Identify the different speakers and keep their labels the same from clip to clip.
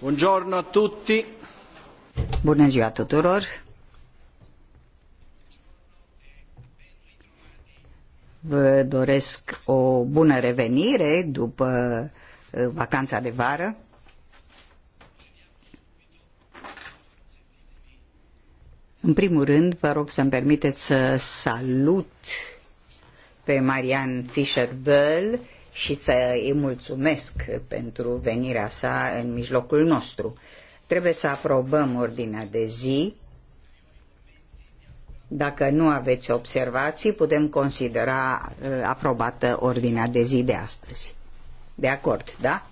Speaker 1: Buongiorno a tutti.
Speaker 2: Bună ziua tuturor. Vă doresc o bună revenire după uh, vacanța de vară. În primul rând, vă rog să-mi permiteți să salut pe Marian Fischer-Böll, și să îi mulțumesc pentru venirea sa în mijlocul nostru. Trebuie să aprobăm ordinea de zi. Dacă nu aveți observații, putem considera uh, aprobată ordinea de zi de astăzi. De acord, da?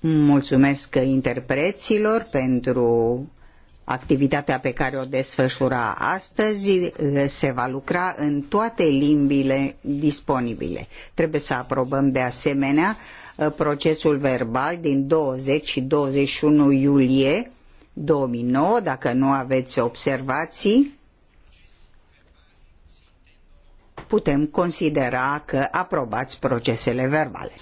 Speaker 2: Mulțumesc interpreților pentru activitatea pe care o desfășura astăzi eh, se va lucra în toate limbile disponibile. Trebuie să aprobăm de asemenea eh, procesul verbal din 20 și 21 iulie 2009, dacă nu aveți observații, putem considera că aprobați procesele verbale.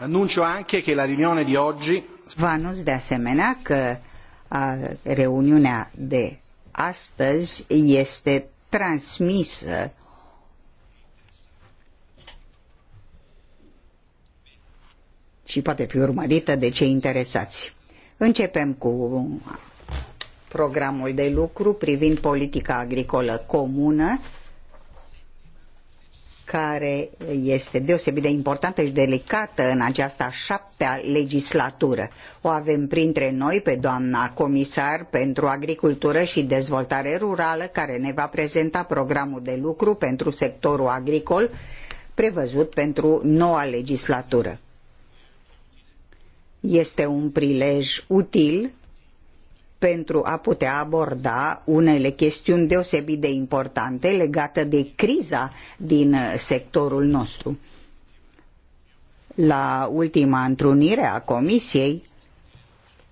Speaker 2: Anuncio
Speaker 1: anche che la riunione di oggi
Speaker 2: anunț de asemenea că a, reuniunea de astăzi este transmisă și poate fi urmărită de cei interesați. Începem cu programul de lucru privind politica agricolă comună care este deosebit de importantă și delicată în această șaptea legislatură. O avem printre noi pe doamna comisar pentru agricultură și dezvoltare rurală, care ne va prezenta programul de lucru pentru sectorul agricol prevăzut pentru noua legislatură. Este un prilej util pentru a putea aborda unele chestiuni deosebit de importante legate de criza din sectorul nostru. La ultima întrunire a Comisiei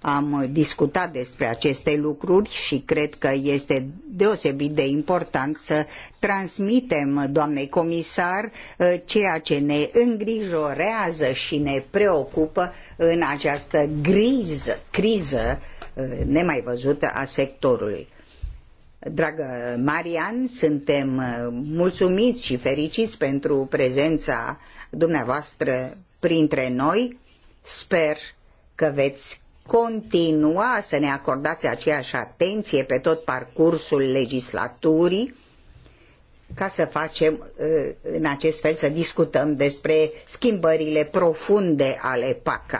Speaker 2: am discutat despre aceste lucruri și cred că este deosebit de important să transmitem doamnei comisar uh, ceea ce ne îngrijorează și ne preocupă în această griză, criză nemai văzută a sectorului. Dragă Marian, suntem uh, mulțumiți și fericiți pentru prezența dumneavoastră printre noi. Sper că veți continua să ne acordați aceeași atenție pe tot parcursul legislaturii ca să facem uh, în acest fel să discutăm despre schimbările profunde ale PAC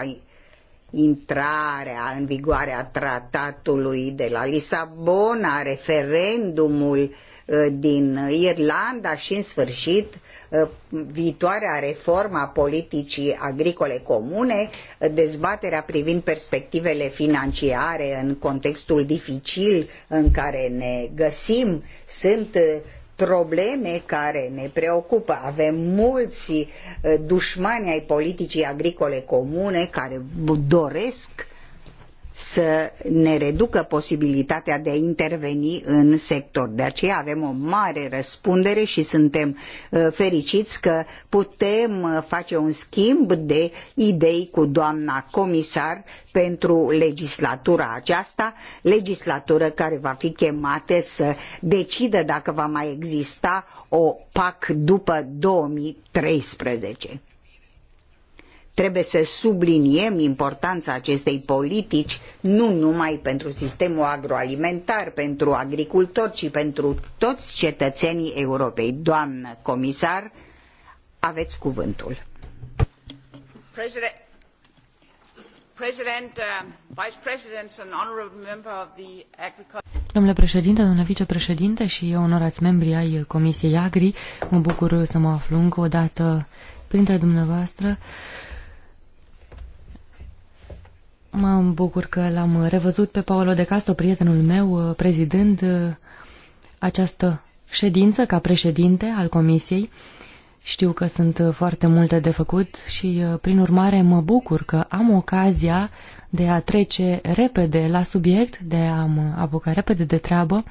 Speaker 2: intrarea în vigoare a tratatului de la Lisabona, referendumul uh, din Irlanda și, în sfârșit, uh, viitoarea reformă a politicii agricole comune, uh, dezbaterea privind perspectivele financiare în contextul dificil în care ne găsim, sunt probleme care ne preocupă. Avem mulți eh, dușmani ai politicii agricole comune care doresc să ne reducă posibilitatea de a interveni în sector. De aceea avem o mare răspundere și suntem uh, fericiți că putem uh, face un schimb de idei cu doamna comisar pentru legislatura aceasta, legislatură care va fi chemată să decidă dacă va mai exista o PAC după 2013. Trebuie să subliniem importanța acestei politici nu numai pentru sistemul agroalimentar, pentru agricultori, ci pentru toți cetățenii Europei. Doamnă comisar, aveți cuvântul. Uh,
Speaker 3: domnule președinte, domnule vicepreședinte și onorați membri ai Comisiei Agri, mă bucur să mă aflu încă o dată printre dumneavoastră. Mă bucur că l-am revăzut pe Paolo de Castro, prietenul meu, uh, prezidând uh, această ședință ca președinte al comisiei. Știu că sunt uh, foarte multe de făcut și, prin urmare, mă bucur că am ocazia de a trece repede la subiect, de a mă apuca repede de treabă,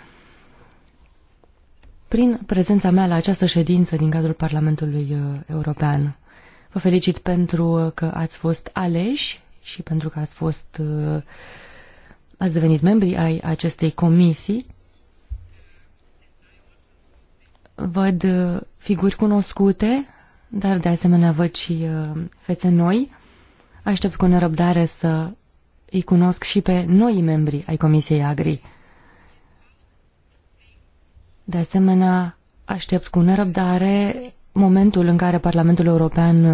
Speaker 3: prin prezența mea la această ședință din cadrul Parlamentului European. Vă felicit pentru că ați fost aleși și pentru că ați fost uh, ați devenit membri ai acestei comisii. Văd uh, figuri cunoscute, dar de asemenea văd și uh, fețe noi. Aștept cu nerăbdare să îi cunosc și pe noi membri ai Comisiei Agri. De asemenea, aștept cu nerăbdare momentul în care Parlamentul European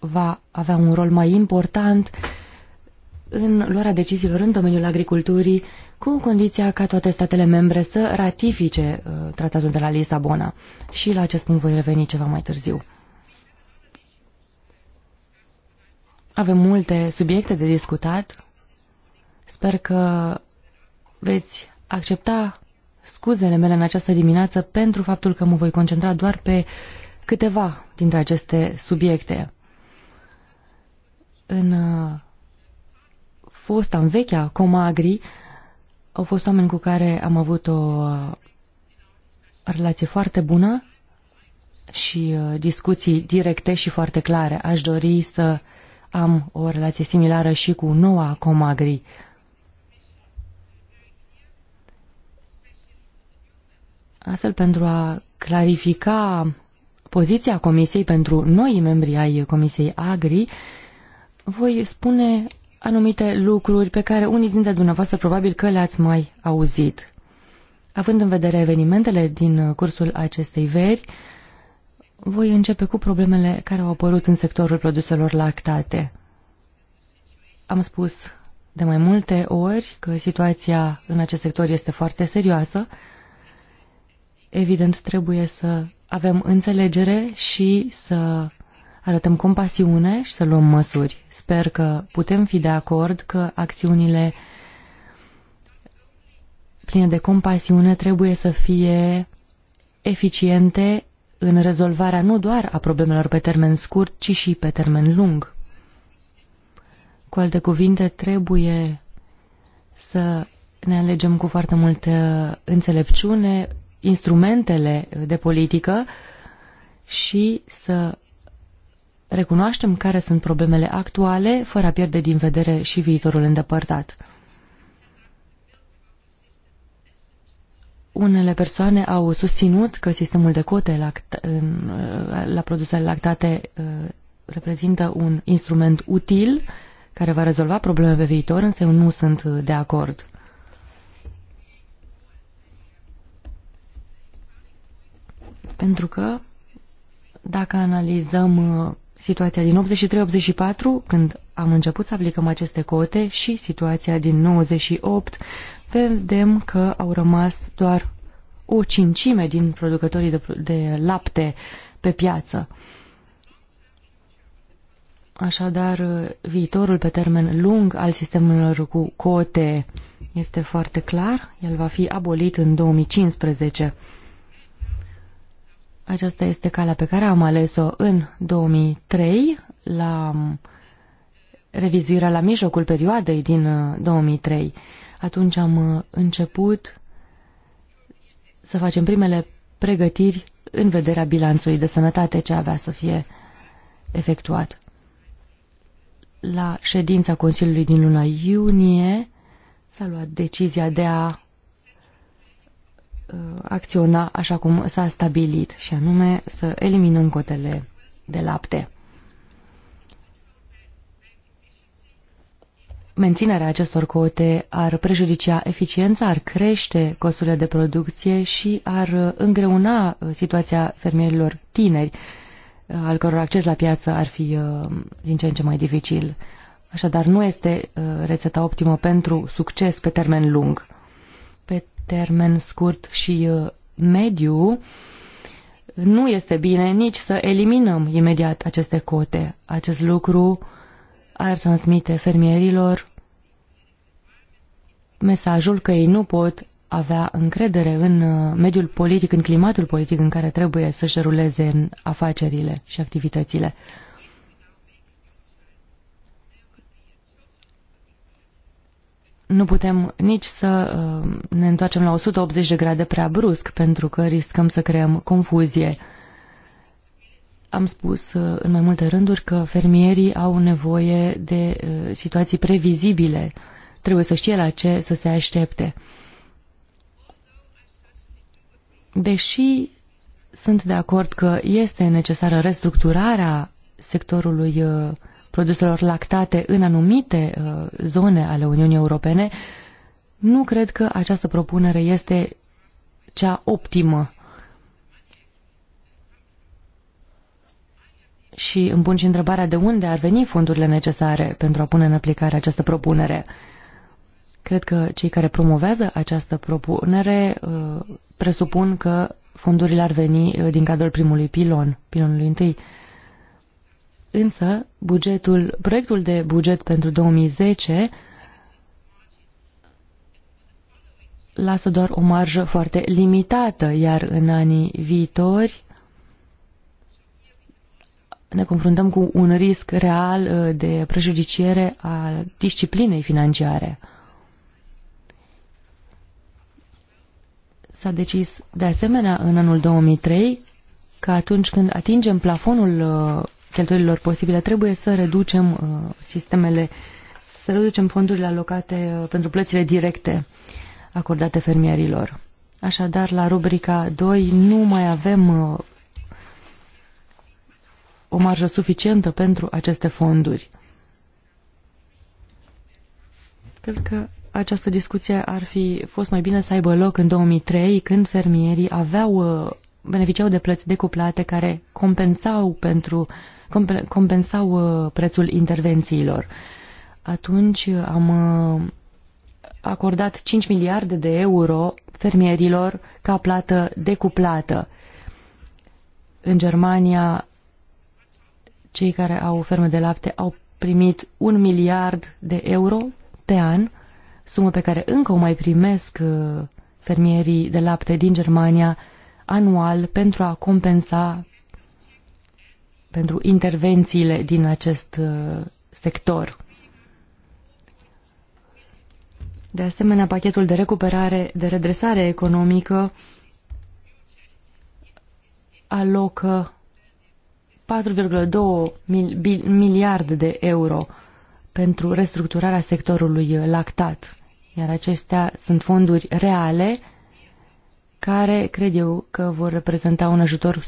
Speaker 3: va avea un rol mai important în luarea deciziilor în domeniul agriculturii, cu condiția ca toate statele membre să ratifice uh, tratatul de la Lisabona. Și la acest punct voi reveni ceva mai târziu. Avem multe subiecte de discutat. Sper că veți accepta scuzele mele în această dimineață pentru faptul că mă voi concentra doar pe câteva dintre aceste subiecte în uh, fosta, în vechea Comagri, au fost oameni cu care am avut o uh, relație foarte bună și uh, discuții directe și foarte clare. Aș dori să am o relație similară și cu noua Comagri. Astfel, pentru a clarifica poziția Comisiei pentru noi membri ai Comisiei Agri, voi spune anumite lucruri pe care unii dintre dumneavoastră probabil că le-ați mai auzit. Având în vedere evenimentele din cursul acestei veri, voi începe cu problemele care au apărut în sectorul produselor lactate. Am spus de mai multe ori că situația în acest sector este foarte serioasă. Evident, trebuie să avem înțelegere și să arătăm compasiune și să luăm măsuri. Sper că putem fi de acord că acțiunile pline de compasiune trebuie să fie eficiente în rezolvarea nu doar a problemelor pe termen scurt, ci și pe termen lung. Cu alte cuvinte, trebuie să ne alegem cu foarte multă înțelepciune instrumentele de politică și să recunoaștem care sunt problemele actuale, fără a pierde din vedere și viitorul îndepărtat. Unele persoane au susținut că sistemul de cote lact uh, la produsele lactate uh, reprezintă un instrument util care va rezolva probleme pe viitor, însă eu nu sunt uh, de acord. Pentru că dacă analizăm situația din 83-84, când am început să aplicăm aceste cote, și situația din 98, vedem că au rămas doar o cincime din producătorii de, de lapte pe piață. Așadar, viitorul pe termen lung al sistemelor cu cote este foarte clar. El va fi abolit în 2015. Aceasta este calea pe care am ales-o în 2003 la um, revizuirea la mijlocul perioadei din 2003. Uh, Atunci am uh, început să facem primele pregătiri în vederea bilanțului de sănătate ce avea să fie efectuat. La ședința Consiliului din luna iunie s-a luat decizia de a Uh, acționa așa cum s-a stabilit și anume să eliminăm cotele de lapte. Menținerea acestor cote ar prejudicia eficiența, ar crește costurile de producție și ar îngreuna uh, situația fermierilor tineri, uh, al căror acces la piață ar fi din ce în ce mai dificil. Așadar, nu este rețeta optimă pentru succes pe termen lung termen scurt și uh, mediu, nu este bine nici să eliminăm imediat aceste cote. Acest lucru ar transmite fermierilor mesajul că ei nu pot avea încredere în uh, mediul politic, în climatul politic în care trebuie să-și ruleze afacerile și activitățile. nu putem nici să uh, ne întoarcem la 180 de grade prea brusc, pentru că riscăm să creăm confuzie. Am spus uh, în mai multe rânduri că fermierii au nevoie de uh, situații previzibile. Trebuie să știe la ce să se aștepte. Deși sunt de acord că este necesară restructurarea sectorului uh, produselor lactate în anumite uh, zone ale Uniunii Europene, nu cred că această propunere este cea optimă. Și îmi pun și întrebarea de unde ar veni fondurile necesare pentru a pune în aplicare această propunere. Cred că cei care promovează această propunere uh, presupun că fondurile ar veni uh, din cadrul primului pilon, pilonului întâi. Însă, bugetul, proiectul de buget pentru 2010 lasă doar o marjă foarte limitată, iar în anii viitori ne confruntăm cu un risc real uh, de prejudiciere a disciplinei financiare. S-a decis de asemenea în anul 2003 că atunci când atingem plafonul uh, cheltuielilor posibile. Trebuie să reducem uh, sistemele, să reducem fondurile alocate uh, pentru plățile directe acordate fermierilor. Așadar, la rubrica 2 nu mai avem uh, o marjă suficientă pentru aceste fonduri. Cred că această discuție ar fi fost mai bine să aibă loc în 2003, când fermierii aveau beneficiau de plăți decuplate care compensau pentru compensau uh, prețul intervențiilor. Atunci uh, am uh, acordat 5 miliarde de euro fermierilor ca plată decuplată. În Germania, cei care au ferme de lapte au primit un miliard de euro pe an, sumă pe care încă o mai primesc fermierii de lapte din Germania anual pentru a compensa pentru intervențiile din acest uh, sector. De asemenea, pachetul de recuperare, de redresare economică alocă 4,2 miliarde de euro pentru restructurarea sectorului lactat, iar acestea sunt fonduri reale care cred eu că vor reprezenta un ajutor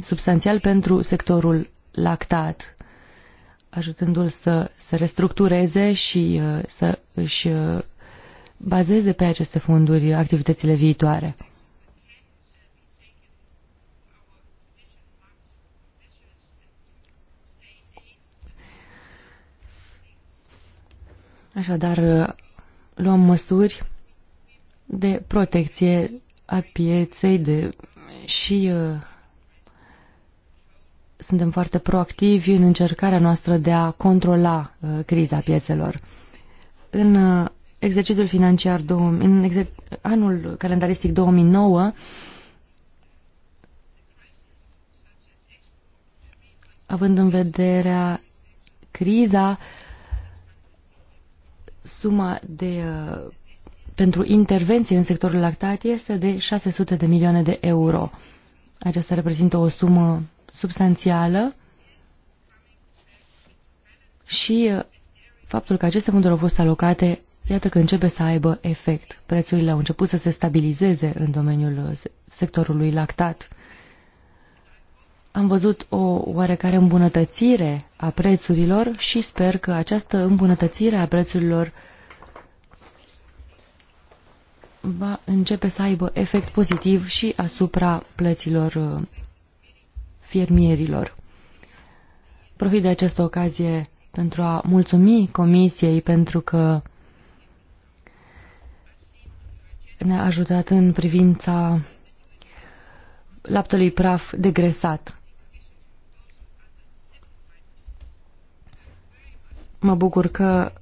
Speaker 3: substanțial pentru sectorul lactat, ajutându-l să se restructureze și uh, să își uh, bazeze pe aceste fonduri activitățile viitoare. Așadar, uh, luăm măsuri de protecție a pieței de, și uh, suntem foarte proactivi în încercarea noastră de a controla uh, criza piețelor. În uh, exercițiul financiar, două, în exer, anul calendaristic 2009, având în vedere criza, suma de uh, pentru intervenții în sectorul lactat este de 600 de milioane de euro. Aceasta reprezintă o sumă substanțială și uh, faptul că aceste fonduri au fost alocate, iată că începe să aibă efect. Prețurile au început să se stabilizeze în domeniul uh, sectorului lactat. Am văzut o oarecare îmbunătățire a prețurilor și sper că această îmbunătățire a prețurilor va începe să aibă efect pozitiv și asupra plăților uh, fiermierilor. Profit de această ocazie pentru a mulțumi Comisiei pentru că ne-a ajutat în privința laptelui praf degresat. Mă bucur că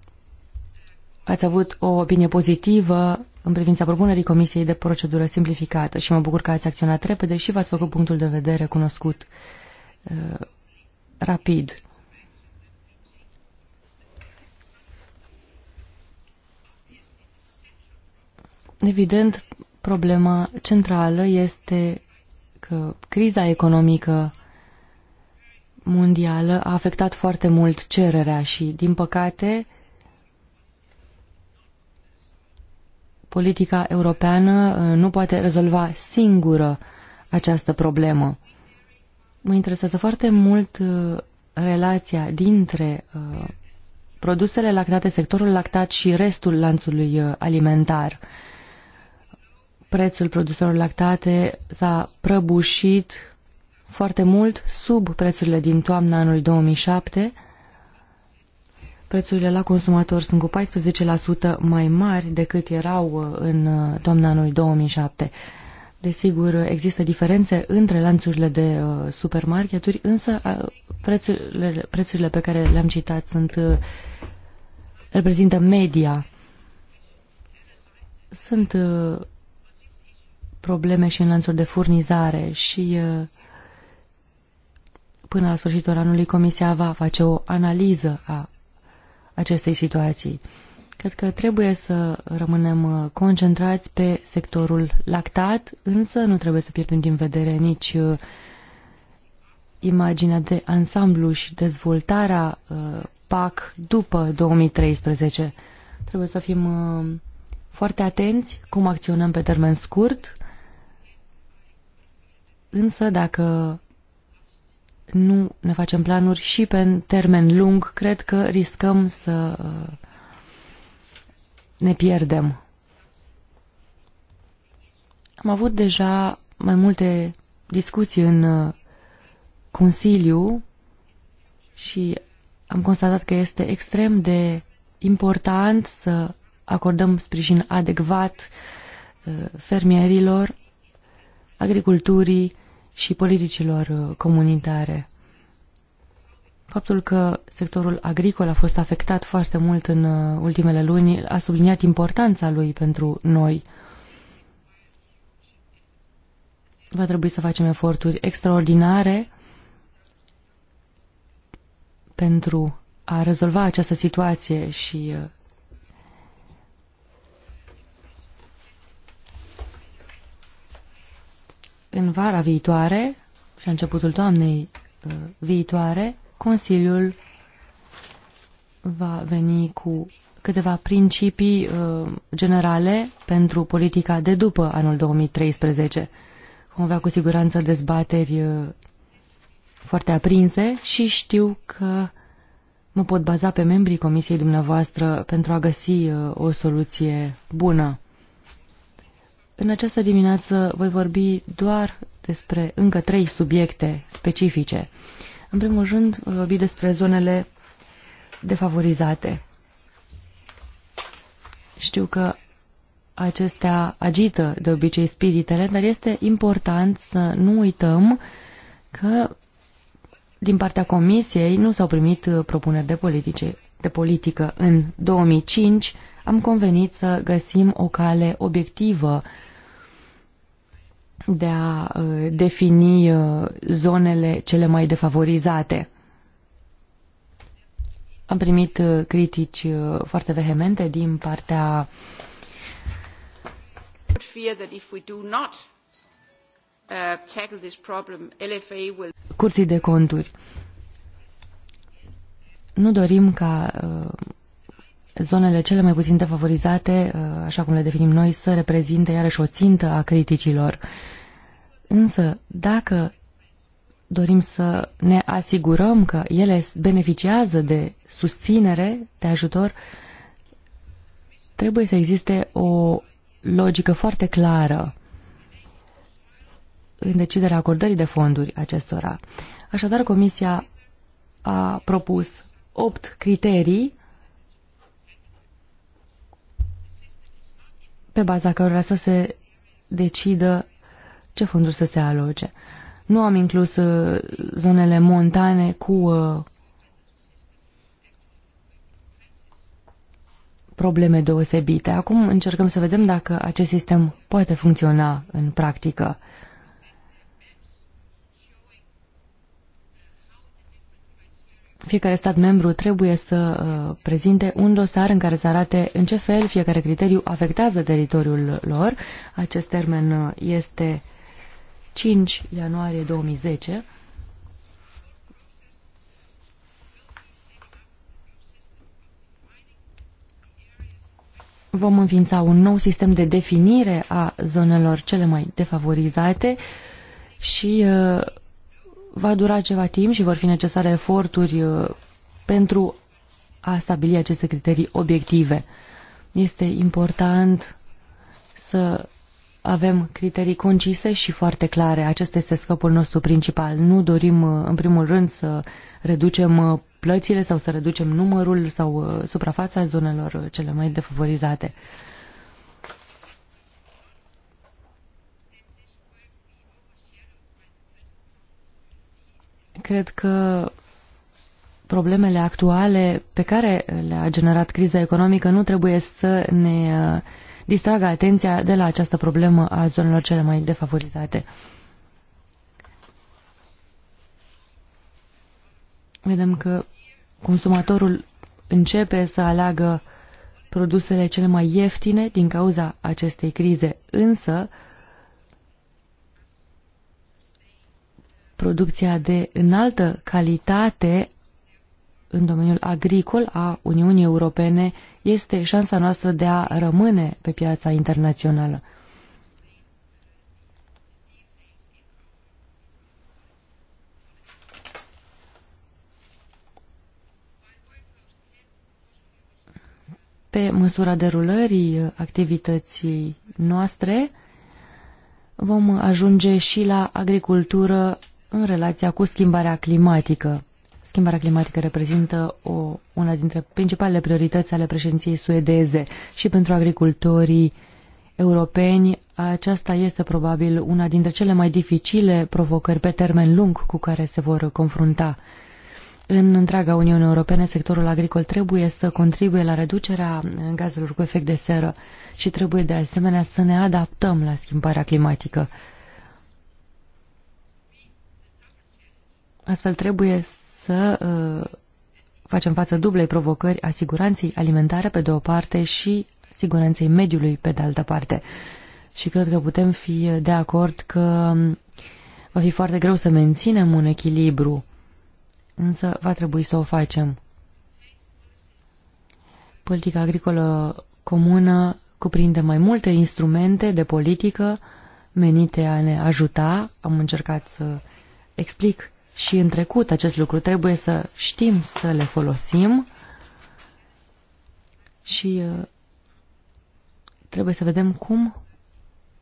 Speaker 3: ați avut o opinie pozitivă în privința propunerii Comisiei de procedură simplificată și mă bucur că ați acționat repede și v-ați făcut punctul de vedere cunoscut uh, rapid. Evident, problema centrală este că criza economică mondială a afectat foarte mult cererea și, din păcate, politica europeană uh, nu poate rezolva singură această problemă. Mă interesează foarte mult uh, relația dintre uh, produsele lactate, sectorul lactat și restul lanțului alimentar. Prețul produselor lactate s-a prăbușit foarte mult sub prețurile din toamna anului 2007 Prețurile la consumator sunt cu 14% mai mari decât erau uh, în uh, toamna anului 2007. Desigur, uh, există diferențe între lanțurile de supermarketuri, însă prețurile, prețurile pe care le-am citat sunt reprezintă media. Sunt probleme și în lanțul de furnizare și până la sfârșitul anului Comisia va face o analiză a acestei situații. Cred că trebuie să rămânem uh, concentrați pe sectorul lactat, însă nu trebuie să pierdem din vedere nici uh, imaginea de ansamblu și dezvoltarea uh, PAC după 2013. Trebuie să fim foarte atenți cum acționăm pe termen scurt, însă dacă nu ne facem planuri și pe termen lung, cred că riscăm să uh, ne pierdem. Am avut deja mai multe discuții în uh, Consiliu și am constatat că este extrem de important să acordăm sprijin adecvat uh, fermierilor, agriculturii, și politicilor uh, comunitare. Faptul că sectorul agricol a fost afectat foarte mult în uh, ultimele luni a subliniat importanța lui pentru noi. Va trebui să facem eforturi extraordinare pentru a rezolva această situație și uh, în vara viitoare și la începutul toamnei uh, viitoare, Consiliul va veni cu câteva principii uh, generale pentru politica de după anul 2013. Vom avea cu siguranță dezbateri uh, foarte aprinse și știu că mă pot baza pe membrii comisiei dumneavoastră pentru a găsi uh, o soluție bună. În această dimineață voi vorbi doar despre încă trei subiecte specifice. În primul rând, voi vorbi despre zonele defavorizate. Știu că acestea agită de obicei spiritele, dar este important să nu uităm că din partea Comisiei nu s-au primit propuneri de, politice, de politică. În 2005 am convenit să găsim o cale obiectivă de a uh, defini uh, zonele cele mai defavorizate. Am primit uh, critici foarte vehemente din partea Curții de conturi. Nu dorim ca zonele cele mai puțin defavorizate, uh, așa cum le definim noi, să reprezinte iarăși o țintă a criticilor. Însă, dacă dorim să ne asigurăm că ele beneficiază de susținere, de ajutor, trebuie să existe o logică foarte clară în deciderea acordării de fonduri acestora. Așadar, Comisia a propus opt criterii pe baza cărora să se decidă ce fonduri să se aloce. Nu am inclus uh, zonele montane cu uh, probleme deosebite. Acum încercăm să vedem dacă acest sistem poate funcționa în practică. fiecare stat membru trebuie să uh, prezinte un dosar în care să arate în ce fel fiecare criteriu afectează teritoriul lor. Acest termen uh, este 5 ianuarie 2010. Vom înființa un nou sistem de definire a zonelor cele mai defavorizate și uh, Va dura ceva timp și vor fi necesare eforturi uh, pentru a stabili aceste criterii obiective. Este important să avem criterii concise și foarte clare. Acesta este scopul nostru principal. Nu dorim, uh, în primul rând, să reducem uh, plățile sau să reducem numărul sau suprafața zonelor cele mai defavorizate. Cred că problemele actuale pe care le-a generat criza economică nu trebuie să ne uh, distragă atenția de la această problemă a zonelor cele mai defavorizate. Vedem că consumatorul începe să aleagă produsele cele mai ieftine din cauza acestei crize, însă uh, producția de înaltă calitate în domeniul agricol a Uniunii Europene este șansa noastră de a rămâne pe piața internațională. Pe măsura derulării activității noastre, vom ajunge și la agricultură în relația cu schimbarea climatică. Schimbarea climatică reprezintă o, una dintre principalele priorități ale președinției suedeze și pentru agricultorii europeni aceasta este probabil una dintre cele mai dificile provocări pe termen lung cu care se vor confrunta. În întreaga Uniune Europeană, sectorul agricol trebuie să contribuie la reducerea gazelor cu efect de seră și trebuie de asemenea să ne adaptăm la schimbarea climatică. Astfel trebuie să uh, facem față dublei provocări a siguranței alimentare pe de o parte și siguranței mediului pe de altă parte. Și cred că putem fi de acord că um, va fi foarte greu să menținem un echilibru, însă va trebui să o facem. Politica agricolă comună cuprinde mai multe instrumente de politică menite a ne ajuta. Am încercat să explic și în trecut acest lucru. Trebuie să știm să le folosim și uh, trebuie să vedem cum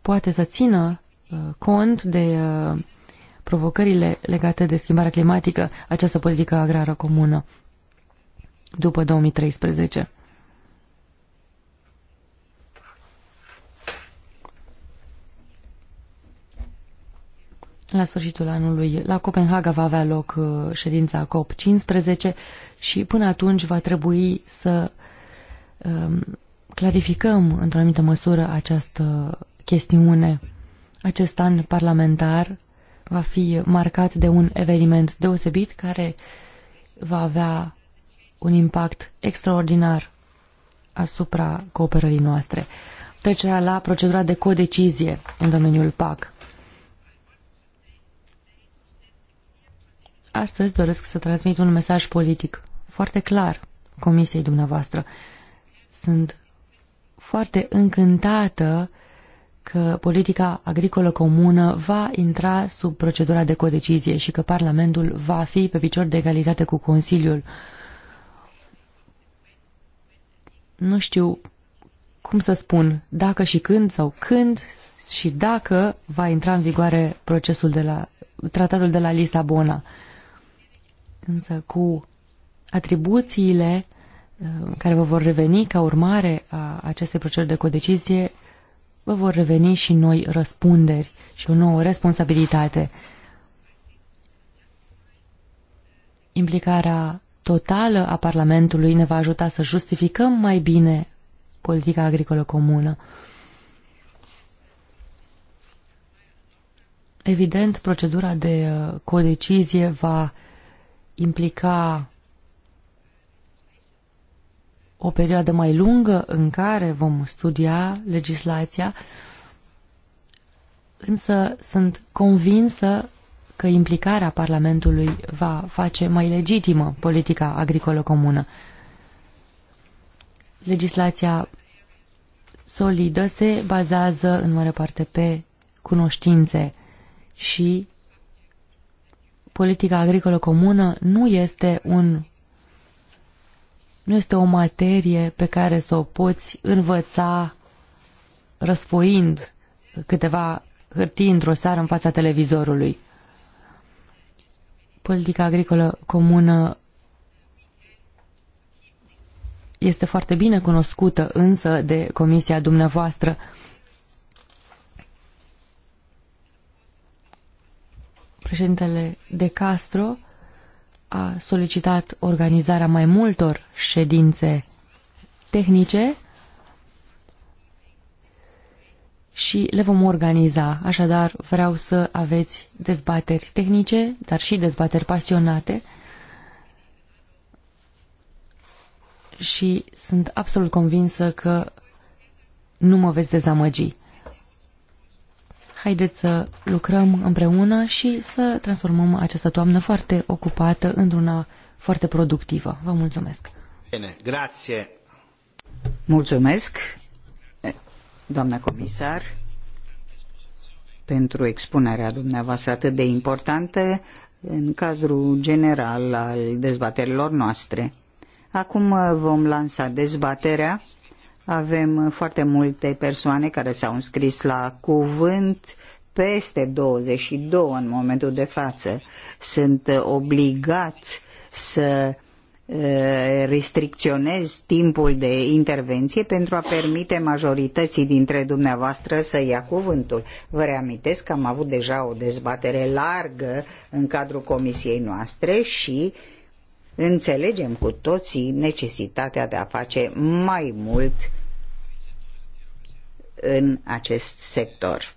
Speaker 3: poate să țină uh, cont de uh, provocările legate de schimbarea climatică această politică agrară comună după 2013. La sfârșitul anului, la Copenhaga va avea loc uh, ședința COP15 și până atunci va trebui să um, clarificăm într-o anumită măsură această chestiune. Acest an parlamentar va fi marcat de un eveniment deosebit care va avea un impact extraordinar asupra cooperării noastre. Trecerea la procedura de codecizie în domeniul PAC. Astăzi doresc să transmit un mesaj politic foarte clar comisiei dumneavoastră. Sunt foarte încântată că politica agricolă comună va intra sub procedura de codecizie și că Parlamentul va fi pe picior de egalitate cu Consiliul. Nu știu cum să spun, dacă și când sau când și dacă va intra în vigoare procesul de la tratatul de la Lisabona. Însă cu atribuțiile uh, care vă vor reveni ca urmare a acestei proceduri de codecizie, vă vor reveni și noi răspunderi și o nouă responsabilitate. Implicarea totală a Parlamentului ne va ajuta să justificăm mai bine politica agricolă comună. Evident, procedura de uh, codecizie va implica o perioadă mai lungă în care vom studia legislația, însă sunt convinsă că implicarea Parlamentului va face mai legitimă politica agricolă comună. Legislația solidă se bazează în mare parte pe cunoștințe și politica agricolă comună nu este un nu este o materie pe care să o poți învăța răsfoind câteva hârtii într-o seară în fața televizorului. Politica agricolă comună este foarte bine cunoscută însă de comisia dumneavoastră Președintele De Castro a solicitat organizarea mai multor ședințe tehnice și le vom organiza. Așadar, vreau să aveți dezbateri tehnice, dar și dezbateri pasionate. Și sunt absolut convinsă că nu mă veți dezamăgi. Haideți să lucrăm împreună și să transformăm această toamnă foarte ocupată într-una foarte productivă. Vă mulțumesc!
Speaker 2: Bine, grație! Mulțumesc, doamna comisar, pentru expunerea dumneavoastră atât de importantă în cadrul general al dezbaterilor noastre. Acum uh, vom lansa dezbaterea avem uh, foarte multe persoane care s-au înscris la cuvânt, peste 22 în momentul de față. Sunt uh, obligat să uh, restricționez timpul de intervenție pentru a permite majorității dintre dumneavoastră să ia cuvântul. Vă reamintesc că am avut deja o dezbatere largă în cadrul comisiei noastre și înțelegem cu toții necesitatea de a face mai mult în acest sector.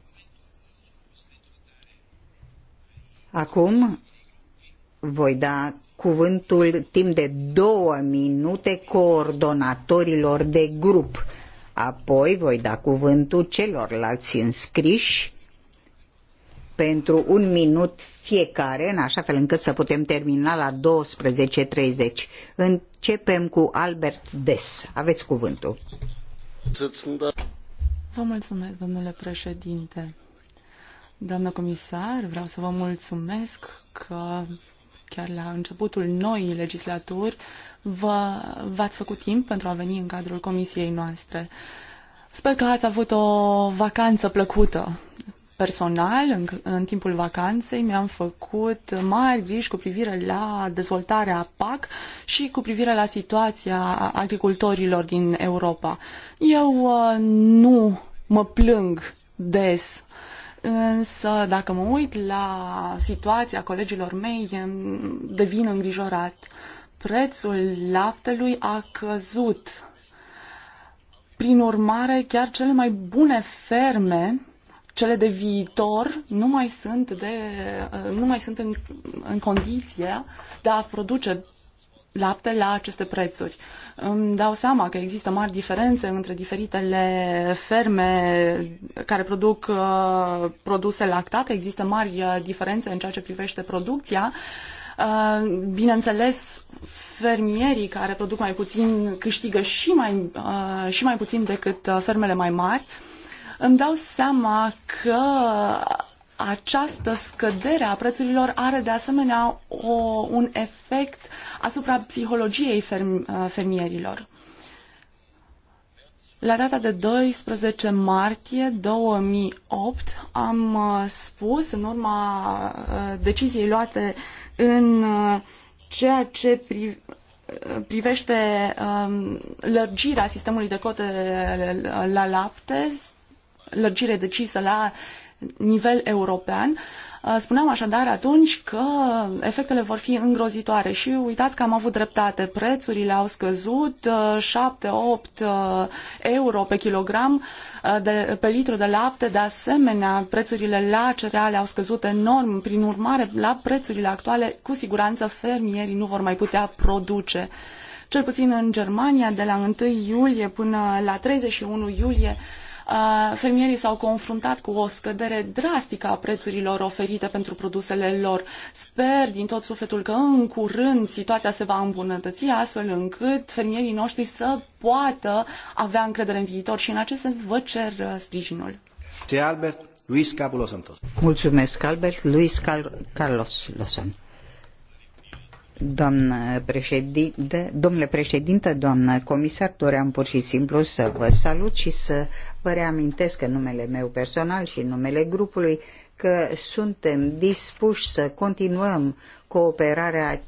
Speaker 2: Acum voi da cuvântul timp de două minute coordonatorilor de grup. Apoi voi da cuvântul celorlalți înscriși pentru un minut fiecare, în așa fel încât să putem termina la 12.30. Începem cu Albert Des. Aveți cuvântul.
Speaker 4: Vă mulțumesc, domnule președinte. Doamnă comisar, vreau să vă mulțumesc că chiar la începutul noii legislaturi v-ați făcut timp pentru a veni în cadrul comisiei noastre. Sper că ați avut o vacanță plăcută personal, în, în timpul vacanței, mi-am făcut mari griji cu privire la dezvoltarea PAC și cu privire la situația agricultorilor din Europa. Eu uh, nu mă plâng des Însă, dacă mă uit la situația colegilor mei, devin îngrijorat. Prețul laptelui a căzut. Prin urmare, chiar cele mai bune ferme cele de viitor nu mai sunt, de, uh, nu mai sunt în, în condiție de a produce lapte la aceste prețuri. Îmi dau seama că există mari diferențe între diferitele ferme care produc uh, produse lactate, există mari uh, diferențe în ceea ce privește producția. Uh, bineînțeles, fermierii care produc mai puțin câștigă și mai, uh, și mai puțin decât uh, fermele mai mari. Uh, îmi dau seama că această scădere a prețurilor are de asemenea o, un efect asupra psihologiei ferm, uh, fermierilor. La data de 12 martie 2008 am uh, spus, în urma uh, deciziei luate în ceea ce pri, privește um, lărgirea sistemului de cote la lapte, lărgire decisă la nivel european. Uh, spuneam așadar atunci că efectele vor fi îngrozitoare și uitați că am avut dreptate. Prețurile au scăzut 7-8 uh, uh, euro pe kilogram de, pe litru de lapte. De asemenea, prețurile la cereale au scăzut enorm. Prin urmare, la prețurile actuale, cu siguranță fermierii nu vor mai putea produce cel puțin în Germania, de la 1 iulie până la 31 iulie, fermierii s-au confruntat cu o scădere drastică a prețurilor oferite pentru produsele lor. Sper din tot sufletul că în curând situația se va îmbunătăți astfel încât fermierii noștri să poată avea încredere în viitor și în acest sens vă cer uh, sprijinul.
Speaker 1: Albert, Luis Capulo Santos.
Speaker 2: Mulțumesc, Albert. Luis Carlos Lozano. Doamnă președinte, domnule președinte, doamnă comisar, doream pur și simplu să vă salut și să vă reamintesc în numele meu personal și în numele grupului că suntem dispuși să continuăm cooperarea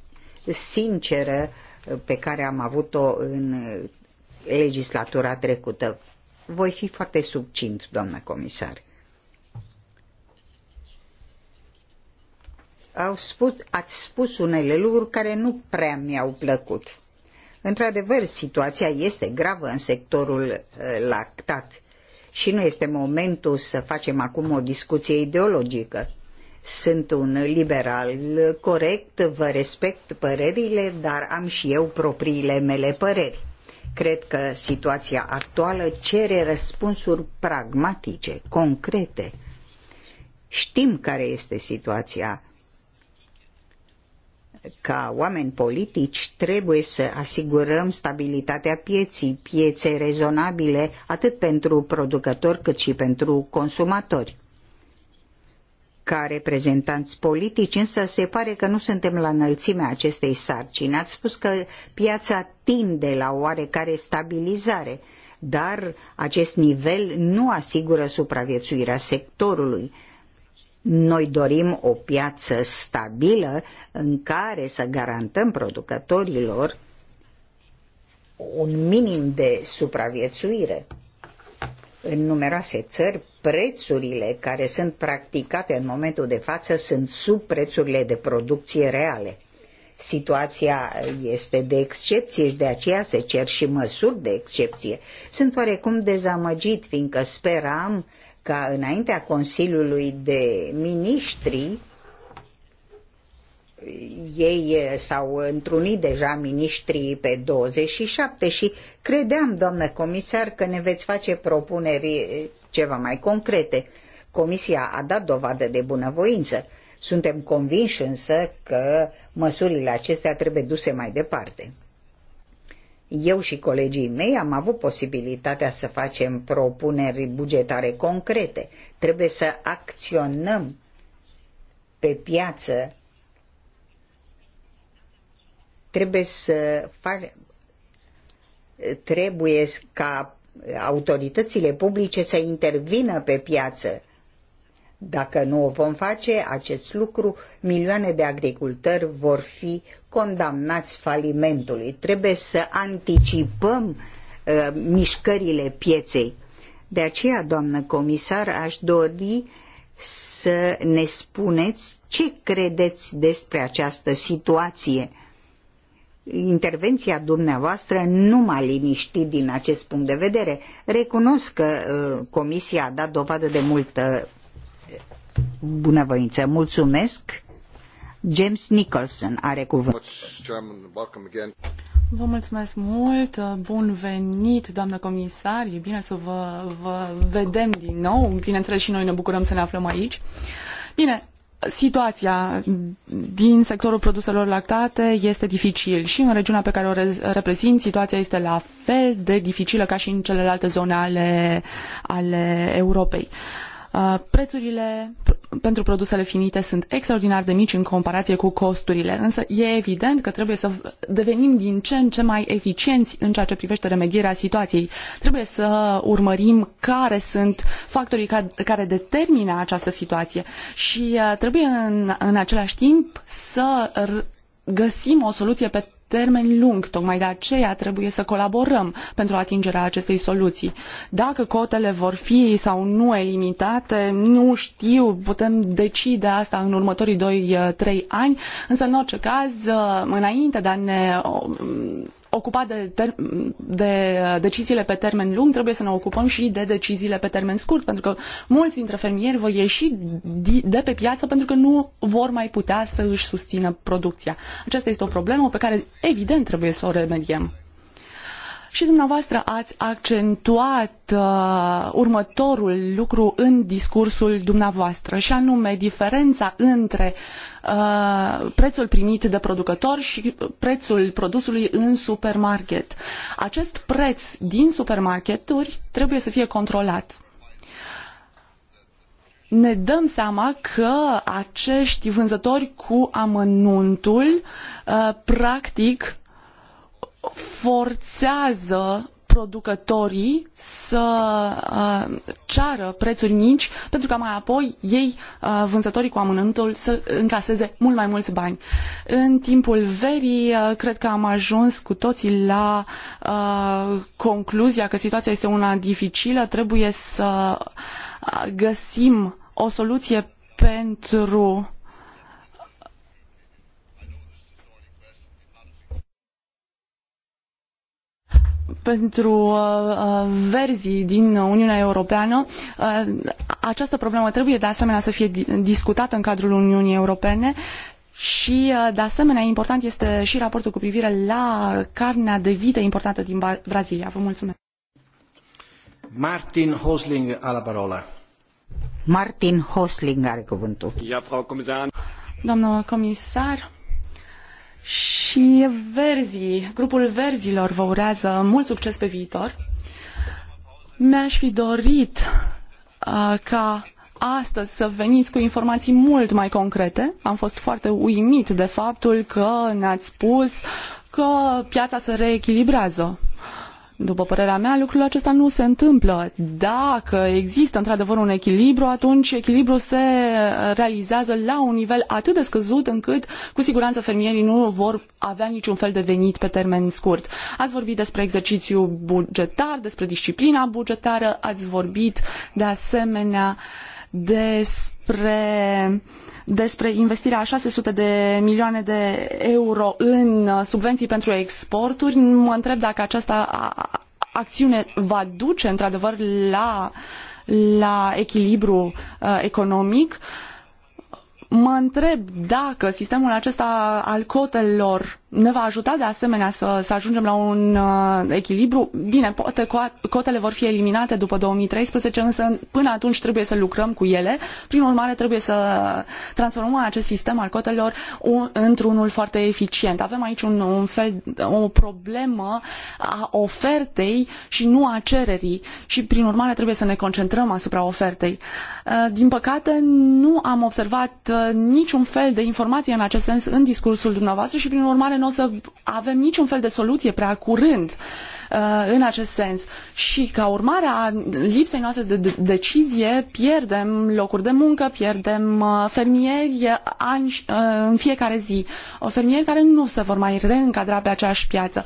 Speaker 2: sinceră pe care am avut-o în legislatura trecută. Voi fi foarte subcint, doamnă comisar. au spus, ați spus unele lucruri care nu prea mi-au plăcut. Într-adevăr, situația este gravă în sectorul eh, lactat și nu este momentul să facem acum o discuție ideologică. Sunt un liberal corect, vă respect părerile, dar am și eu propriile mele păreri. Cred că situația actuală cere răspunsuri pragmatice, concrete. Știm care este situația ca oameni politici trebuie să asigurăm stabilitatea pieții, piețe rezonabile atât pentru producători cât și pentru consumatori. Ca reprezentanți politici însă se pare că nu suntem la înălțimea acestei sarcini. Ați spus că piața tinde la oarecare stabilizare, dar acest nivel nu asigură supraviețuirea sectorului noi dorim o piață stabilă în care să garantăm producătorilor un minim de supraviețuire. În numeroase țări, prețurile care sunt practicate în momentul de față sunt sub prețurile de producție reale. Situația este de excepție și de aceea se cer și măsuri de excepție. Sunt oarecum dezamăgit, fiindcă speram ca înaintea Consiliului de Ministri ei eh, s-au întrunit deja ministrii pe 27 și credeam, doamnă comisar, că ne veți face propuneri eh, ceva mai concrete. Comisia a dat dovadă de bunăvoință. Suntem convinși însă că măsurile acestea trebuie duse mai departe. Eu și colegii mei am avut posibilitatea să facem propuneri bugetare concrete. Trebuie să acționăm pe piață. Trebuie să fac, trebuie ca autoritățile publice să intervină pe piață. Dacă nu o vom face, acest lucru, milioane de agricultori vor fi condamnați falimentului. Trebuie să anticipăm uh, mișcările pieței. De aceea, doamnă comisar, aș dori să ne spuneți ce credeți despre această situație. Intervenția dumneavoastră nu m-a liniștit din acest punct de vedere. Recunosc că uh, Comisia a dat dovadă de multă uh, bunăvoință. Mulțumesc! James Nicholson are
Speaker 4: Vă mulțumesc mult, bun venit, doamnă comisar, e bine să vă, vă vedem din nou, bineînțeles și noi ne bucurăm să ne aflăm aici. Bine, situația din sectorul produselor lactate este dificil și în regiunea pe care o reprezint situația este la fel de dificilă ca și în celelalte zone ale, ale Europei. Uh, Uh, prețurile pentru produsele finite sunt extraordinar de mici în comparație cu costurile, însă e evident că trebuie să devenim din ce în ce mai eficienți în ceea ce privește remedierea situației. Trebuie să urmărim care sunt factorii care determină această situație și uh, trebuie în, în același timp să găsim o soluție pe termen lung. Tocmai de aceea trebuie să colaborăm pentru atingerea acestei soluții. Dacă cotele vor fi sau nu eliminate, nu știu, putem decide asta în următorii doi trei ani, însă în orice caz, înainte de a ne ocupat de, de uh, deciziile pe termen lung, trebuie să ne ocupăm și de deciziile pe termen scurt, pentru că mulți dintre fermieri vor ieși de pe piață pentru că nu vor mai putea să își susțină producția. Aceasta este o problemă pe care, evident, trebuie să o remediem și dumneavoastră ați accentuat uh, următorul lucru în discursul dumneavoastră și anume diferența între uh, prețul primit de producător și prețul produsului în supermarket. Acest preț din supermarketuri trebuie să fie controlat ne dăm seama că acești vânzători cu amănuntul uh, practic forțează producătorii să uh, ceară prețuri mici pentru ca mai apoi ei, uh, vânzătorii cu amănântul, să încaseze mult mai mulți bani. În timpul verii, uh, cred că am ajuns cu toții la uh, concluzia că situația este una dificilă, trebuie să uh, găsim o soluție pentru pentru uh, uh, verzii din Uniunea Europeană, uh, această problemă trebuie de asemenea să fie discutată în cadrul Uniunii Europene și, de asemenea, important este și raportul cu privire la carnea de vită importantă din Brazilia. Vă mulțumesc.
Speaker 2: Martin Hosling a la parola. Martin Hosling are cuvântul. Ja, Frau
Speaker 1: Comisar.
Speaker 4: Doamnă comisar, și verzii, grupul verzilor vă urează mult succes pe viitor. Mi-aș fi dorit uh, ca astăzi să veniți cu informații mult mai concrete. Am fost foarte uimit de faptul că ne-ați spus că piața se reechilibrează. După părerea mea, lucrul acesta nu se întâmplă. Dacă există într-adevăr un echilibru, atunci echilibrul se realizează la un nivel atât de scăzut încât cu siguranță fermierii nu vor avea niciun fel de venit pe termen scurt. Ați vorbit despre exercițiul bugetar, despre disciplina bugetară, ați vorbit de asemenea uh, despre, despre investirea a 600 de milioane de euro în uh, subvenții pentru exporturi. Mă întreb dacă această acțiune va duce într-adevăr la, la echilibru uh, economic. Mă întreb dacă sistemul acesta al cotelor ne va ajuta de asemenea să, să ajungem la un uh, echilibru. Bine, poate cotele vor fi eliminate după 2013, însă până atunci trebuie să lucrăm cu ele. Prin urmare, trebuie să transformăm acest sistem al cotelor într-unul foarte eficient. Avem aici un, un fel, o problemă a ofertei și nu a cererii și, prin urmare, trebuie să ne concentrăm asupra ofertei. Uh, din păcate, nu am observat uh, niciun fel de informație în acest sens în discursul dumneavoastră și, prin urmare, nu o să avem niciun fel de soluție prea curând uh, în acest sens. Și ca urmare a lipsei noastre de decizie, pierdem locuri de muncă, pierdem uh, fermieri uh, în fiecare zi. O fermieri care nu se vor mai reîncadra pe aceeași piață.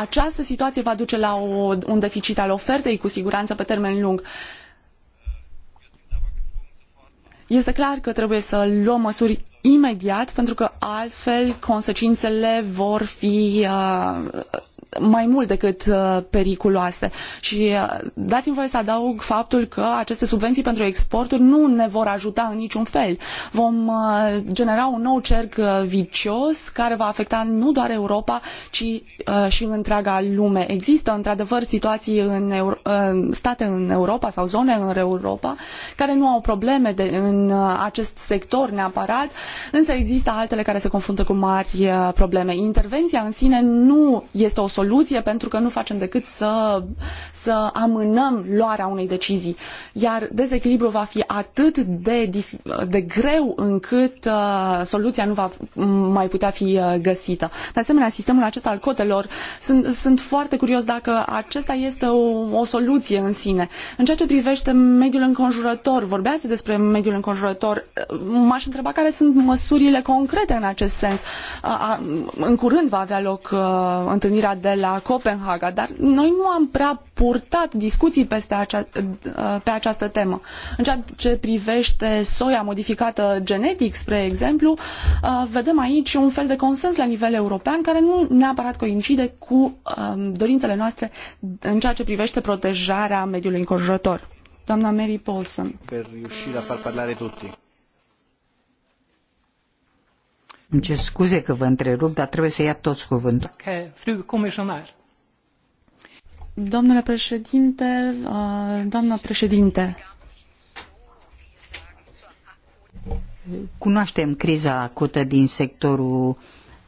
Speaker 4: Această situație va duce la o, un deficit al ofertei, cu siguranță, pe termen lung. Este clar că trebuie să luăm măsuri imediat, pentru că altfel consecințele vor fi uh, mai mult decât uh, periculoase. Și uh, dați-mi voie să adaug faptul că aceste subvenții pentru exporturi nu ne vor ajuta în niciun fel. Vom uh, genera un nou cerc vicios care va afecta nu doar Europa, ci și întreaga lume. Există într-adevăr situații în Euro state în Europa sau zone în Europa care nu au probleme de, în acest sector neapărat, însă există altele care se confruntă cu mari probleme. Intervenția în sine nu este o soluție soluție pentru că nu facem decât să, să amânăm luarea unei decizii. Iar dezechilibru va fi atât de, de greu încât uh, soluția nu va mai putea fi uh, găsită. De asemenea, sistemul acesta al cotelor, sunt, sunt foarte curios dacă acesta este o, o soluție în sine. În ceea ce privește mediul înconjurător, vorbeați despre mediul înconjurător, uh, m-aș întreba care sunt măsurile concrete în acest sens. Uh, în curând va avea loc uh, întâlnirea de de la Copenhaga, dar noi nu am prea purtat discuții peste acea, pe această temă. În ceea ce privește soia modificată genetic, spre exemplu, uh, vedem aici un fel de consens la nivel european care nu neapărat coincide cu um, dorințele noastre în ceea ce privește protejarea mediului înconjurător. Doamna Mary Paulson.
Speaker 1: Per riuscire a far parlare
Speaker 2: tutti. Îmi cer scuze că vă întrerup, dar trebuie să ia toți cuvântul.
Speaker 3: Fru comisionar.
Speaker 4: Domnule președinte, uh, doamnă președinte.
Speaker 2: Cunoaștem criza acută din sectorul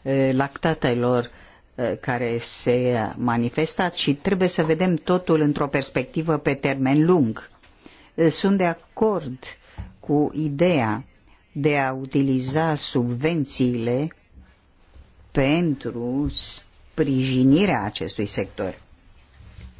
Speaker 2: uh, lactatelor uh, care se manifestă și trebuie să vedem totul într-o perspectivă pe termen lung. Sunt de acord cu ideea de a utiliza subvențiile pentru sprijinirea acestui sector.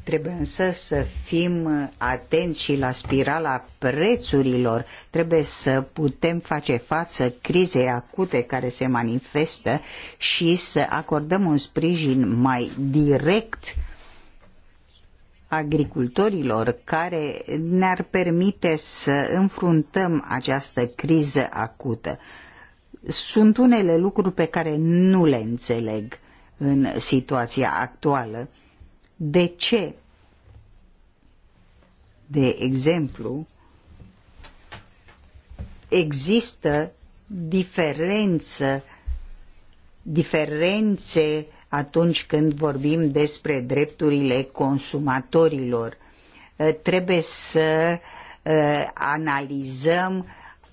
Speaker 2: Trebuie însă să fim atenți și la spirala prețurilor. Trebuie să putem face față crizei acute care se manifestă și să acordăm un sprijin mai direct agricultorilor care ne-ar permite să înfruntăm această criză acută. Sunt unele lucruri pe care nu le înțeleg în situația actuală. De ce? De exemplu, există diferență, diferențe atunci când vorbim despre drepturile consumatorilor. Uh, trebuie să uh, analizăm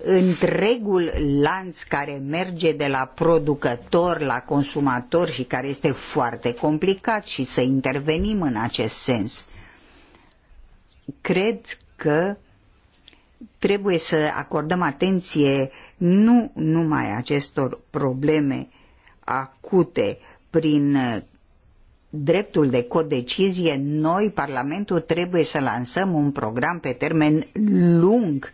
Speaker 2: întregul lanț care merge de la producător la consumator și care este foarte complicat și să intervenim în acest sens. Cred că trebuie să acordăm atenție nu numai acestor probleme acute prin uh, dreptul de codecizie, noi, Parlamentul, trebuie să lansăm un program pe termen lung.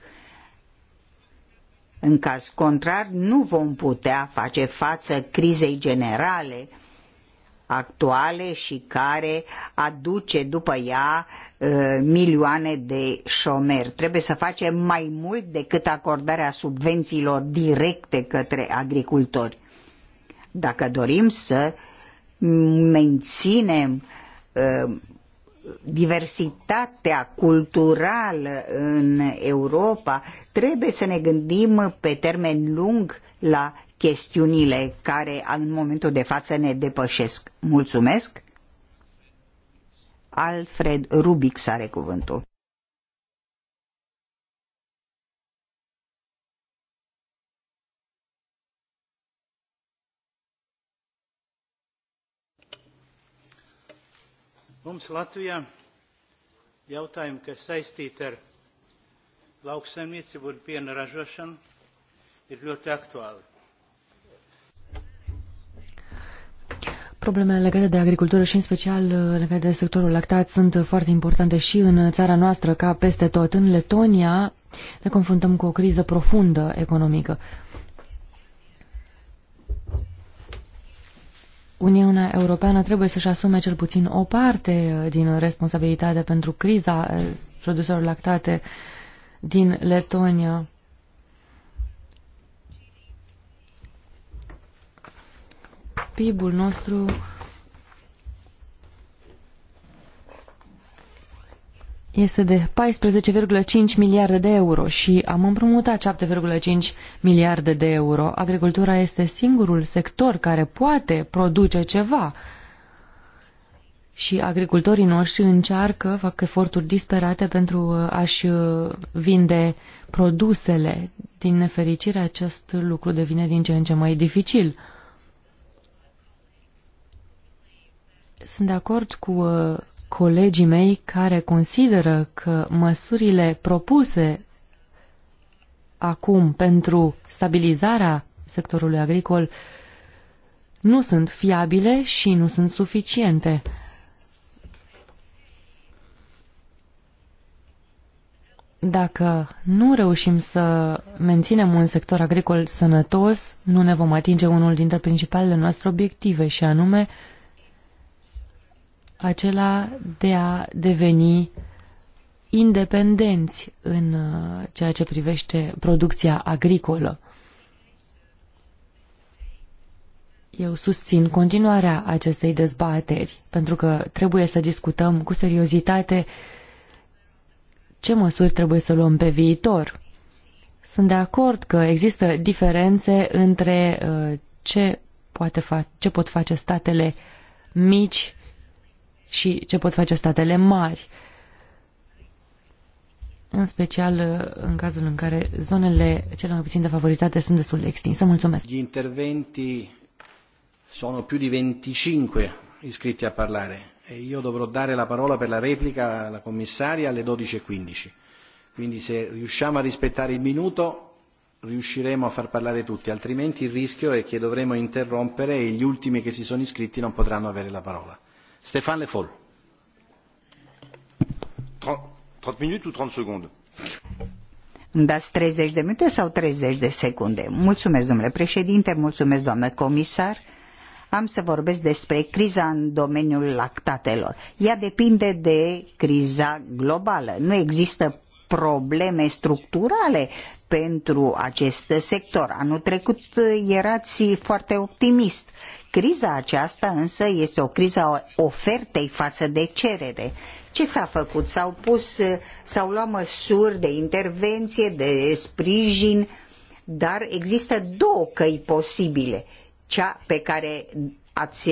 Speaker 2: În caz contrar, nu vom putea face față crizei generale actuale și care aduce după ea uh, milioane de șomeri. Trebuie să facem mai mult decât acordarea subvențiilor directe către agricultori. Dacă dorim să menținem ă, diversitatea culturală în Europa, trebuie să ne gândim pe termen lung la chestiunile care în momentul de față ne depășesc. Mulțumesc! Alfred Rubix are cuvântul.
Speaker 1: Mums Latvijā jautājumi, kas saistīti ar lauksaimniecību un piena ražošanu, ir ļoti aktuāli.
Speaker 3: Problemele legate de agricultură și în special uh, legate de sectorul lactat sunt foarte importante și în țara noastră ca peste tot. În Letonia ne confruntăm cu o criză profundă economică. Uniunea Europeană trebuie să-și asume cel puțin o parte uh, din responsabilitate pentru criza uh, produselor lactate din Letonia. PIB-ul nostru este de 14,5 miliarde de euro și am împrumutat 7,5 miliarde de euro. Agricultura este singurul sector care poate produce ceva. Și agricultorii noștri încearcă, fac eforturi disperate pentru uh, a-și uh, vinde produsele. Din nefericire, acest lucru devine din ce în ce mai dificil. Sunt de acord cu uh, colegii mei care consideră că măsurile propuse acum pentru stabilizarea sectorului agricol nu sunt fiabile și nu sunt suficiente. Dacă nu reușim să menținem un sector agricol sănătos, nu ne vom atinge unul dintre principalele noastre obiective, și anume acela de a deveni independenți în uh, ceea ce privește producția agricolă. Eu susțin continuarea acestei dezbateri, pentru că trebuie să discutăm cu seriozitate ce măsuri trebuie să luăm pe viitor. Sunt de acord că există diferențe între uh, ce, poate fa- ce pot face statele mici și ce pot face statele mari, în special uh, în cazul în care zonele cele mai puțin defavorizate sunt destul de extinse. Mulțumesc!
Speaker 1: Interventi sono più di 25 iscritti a parlare e io dovrò dare la parola per la replica alla commissaria alle 12.15. Quindi se riusciamo a rispettare il minuto riusciremo a far parlare tutti, altrimenti il rischio è che dovremo interrompere e gli ultimi che si sono iscritti non potranno avere la parola. Stéphane Le 30, minute ou 30 secunde?
Speaker 2: Îmi de minute sau 30 de secunde? Mulțumesc, domnule președinte, mulțumesc, doamnă comisar. Am să vorbesc despre criza în domeniul lactatelor. Ea depinde de criza globală. Nu există probleme structurale pentru acest sector. Anul trecut erați foarte optimist. Criza aceasta însă este o criză a ofertei față de cerere. Ce s-a făcut? S-au pus, s-au luat măsuri de intervenție, de sprijin, dar există două căi posibile. Cea pe care ați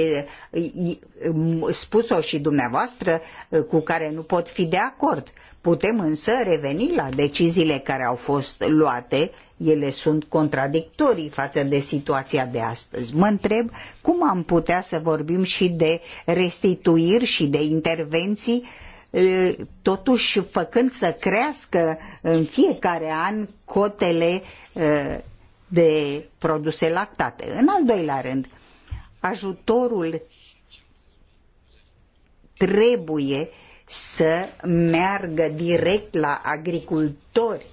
Speaker 2: spus-o și dumneavoastră, cu care nu pot fi de acord. Putem însă reveni la deciziile care au fost luate, ele sunt contradictorii față de situația de astăzi. Mă întreb cum am putea să vorbim și de restituiri și de intervenții totuși făcând să crească în fiecare an cotele de produse lactate. În al doilea rând, ajutorul trebuie să meargă direct la agricultori,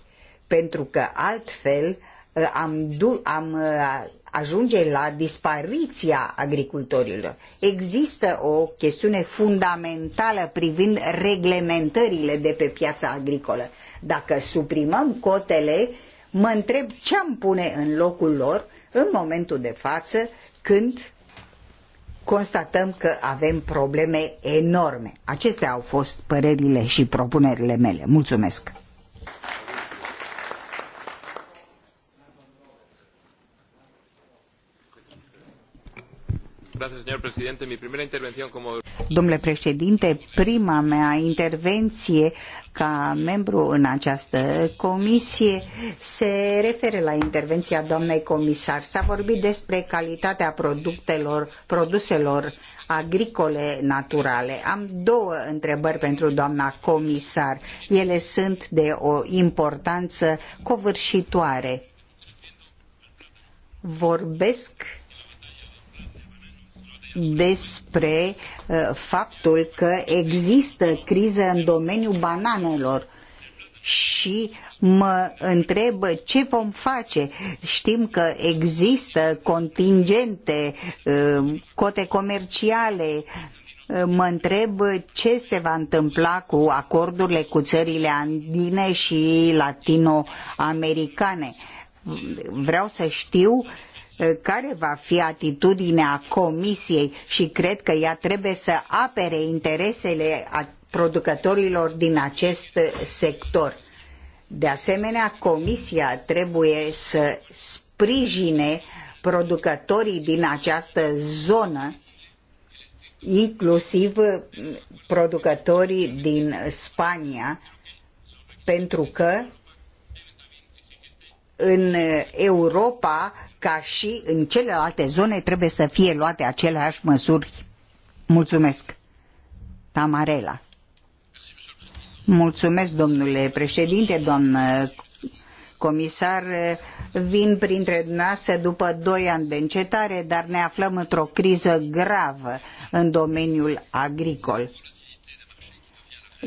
Speaker 2: pentru că altfel uh, am, du- am uh, ajunge la dispariția agricultorilor. Există o chestiune fundamentală privind reglementările de pe piața agricolă. Dacă suprimăm cotele, mă întreb ce am pune în locul lor în momentul de față când constatăm că avem probleme enorme. Acestea au fost părerile și propunerile mele. Mulțumesc! Domnule președinte, prima mea intervenție ca membru în această comisie se referă la intervenția doamnei comisar. S-a vorbit despre calitatea produselor agricole naturale. Am două întrebări pentru doamna comisar. Ele sunt de o importanță covârșitoare. Vorbesc despre uh, faptul că există criză în domeniul bananelor și mă întreb ce vom face. Știm că există contingente, uh, cote comerciale, uh, mă întreb ce se va întâmpla cu acordurile cu țările andine și latinoamericane. Vreau să știu uh, care va fi atitudinea Comisiei și cred că ea trebuie să apere interesele producătorilor din acest sector. De asemenea, Comisia trebuie să sprijine producătorii din această zonă, inclusiv producătorii din Spania, pentru că în Europa ca și în celelalte zone trebuie să fie luate aceleași măsuri. Mulțumesc. Tamarela. Mulțumesc, domnule președinte, doamnă comisar. Vin printre dumneavoastră după doi ani de încetare, dar ne aflăm într-o criză gravă în domeniul agricol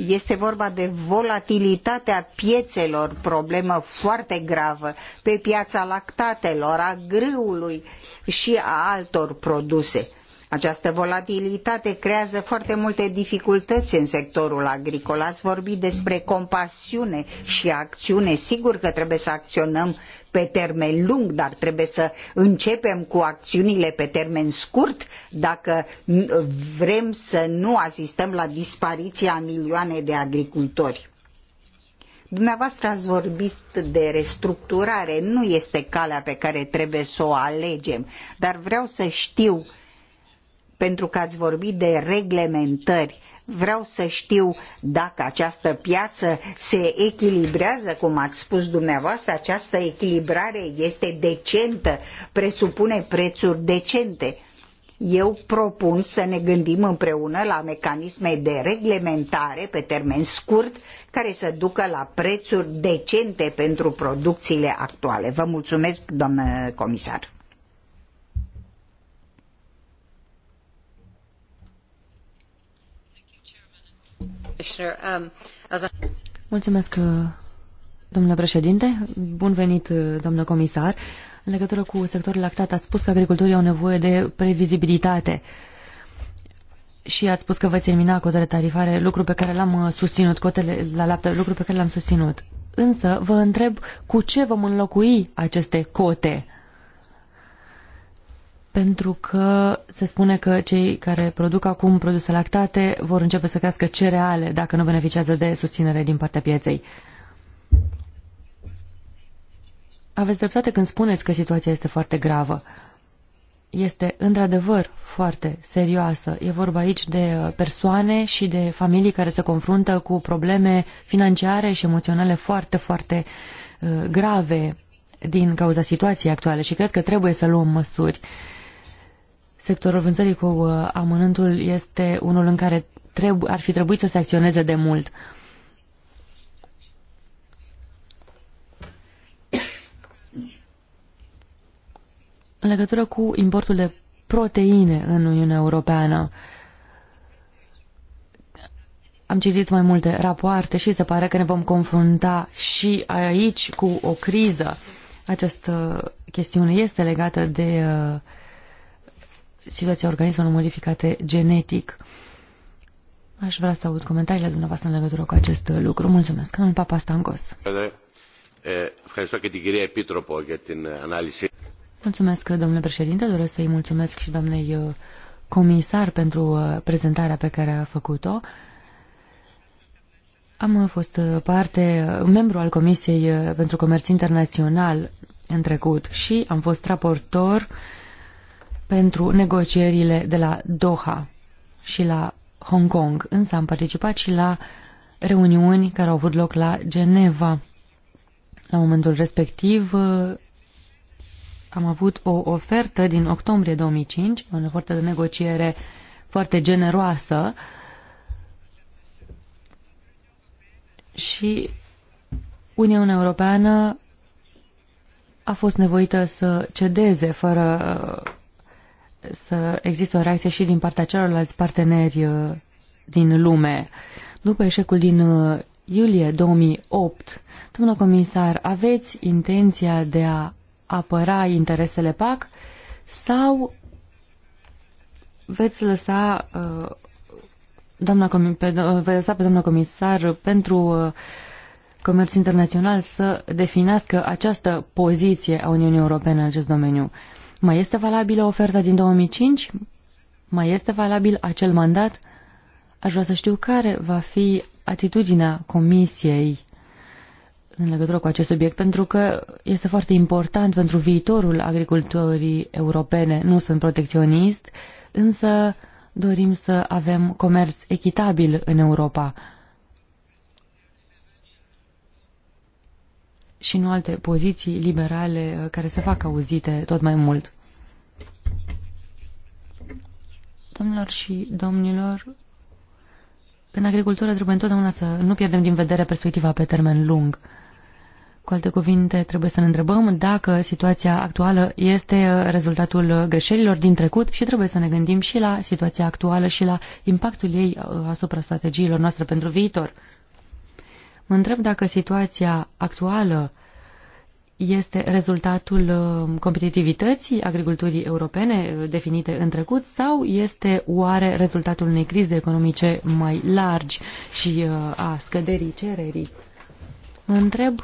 Speaker 2: este vorba de volatilitatea piețelor, problemă foarte gravă, pe piața lactatelor, a grâului și a altor produse. Această volatilitate creează foarte multe dificultăți în sectorul agricol. Ați vorbit despre compasiune și acțiune. Sigur că trebuie să acționăm pe termen lung, dar trebuie să începem cu acțiunile pe termen scurt dacă vrem să nu asistăm la dispariția milioane de agricultori. Dumneavoastră ați vorbit de restructurare, nu este calea pe care trebuie să o alegem, dar vreau să știu uh, pentru că ați vorbit de reglementări. Vreau să știu dacă această piață se echilibrează, cum ați spus dumneavoastră, această echilibrare este decentă, presupune prețuri decente. Eu propun să ne gândim împreună la mecanisme de reglementare pe termen scurt care să ducă la prețuri decente pentru producțiile actuale. Vă mulțumesc, doamnă comisar. Um,
Speaker 3: Mulțumesc, uh, domnule președinte. Bun venit, uh, domnule comisar. În legătură cu sectorul lactat, ați spus că agricultorii au nevoie de previzibilitate și ați spus că veți elimina cotele tarifare, lucru pe care l-am uh, susținut, cotele la lapte, lucru pe care l-am susținut. Însă, vă întreb cu ce vom înlocui aceste cote? pentru că se spune că cei care produc acum produse lactate vor începe să crească cereale dacă nu beneficiază de susținere din partea pieței. Aveți dreptate când spuneți că situația este foarte gravă. Este într-adevăr foarte serioasă. E vorba aici de uh, persoane și de familii care se confruntă cu probleme financiare și emoționale foarte, foarte uh, grave din cauza situației actuale și cred că trebuie să luăm măsuri. Uh, sectorul vânzării cu uh, amănântul este unul în care trebu- ar fi trebuit să se acționeze de mult. în legătură cu importul de proteine în Uniunea Europeană. Am citit mai multe rapoarte și se pare că ne vom confrunta și aici cu o criză. Această chestiune este legată de uh, situația organismelor modificate genetic. Aș vrea să aud comentariile dumneavoastră în legătură cu acest lucru. Mulțumesc. În Papa Stangos.
Speaker 1: Eh,
Speaker 3: mulțumesc, domnule președinte. Doresc să-i mulțumesc și doamnei eh, comisar pentru eh, prezentarea pe care a făcut-o. Am fost parte, membru al Comisiei pentru Comerț Internațional în trecut și am fost raportor uh, pentru negocierile de la Doha și la Hong Kong, însă am participat și la reuniuni care au avut loc la Geneva. La momentul respectiv uh, am avut o ofertă din octombrie 2005, o ofertă de negociere foarte generoasă și Uniunea Europeană a fost nevoită să cedeze fără uh, să existe o reacție și din partea celorlalți parteneri uh, din lume. După eșecul din uh, iulie 2008, domnul comisar, aveți intenția de a apăra interesele PAC sau veți lăsa, uh, doamna, pe, uh, veți lăsa pe doamna comisar pentru uh, comerț internațional să definească această poziție a Uniunii Europene în acest domeniu? Uh, mai este valabilă oferta din 2005? Mai este valabil acel mandat? Aș vrea să știu care va fi atitudinea Comisiei în legătură cu acest subiect, pentru că este foarte important pentru viitorul agricultorii europene. Nu sunt protecționist, însă dorim să avem comerț echitabil în Europa. și nu alte poziții liberale uh, care se fac auzite tot mai mult. Domnilor și domnilor, în agricultură trebuie întotdeauna să nu pierdem din vedere perspectiva pe termen lung. Cu alte cuvinte, trebuie să ne întrebăm dacă situația actuală este uh, rezultatul greșelilor din trecut și trebuie să ne gândim și la situația actuală și la impactul ei uh, asupra strategiilor noastre pentru viitor. Mă întreb dacă situația actuală este rezultatul um, competitivității agriculturii europene uh, definite în trecut sau este oare rezultatul unei crize economice mai largi și uh, a scăderii cererii? Mă întreb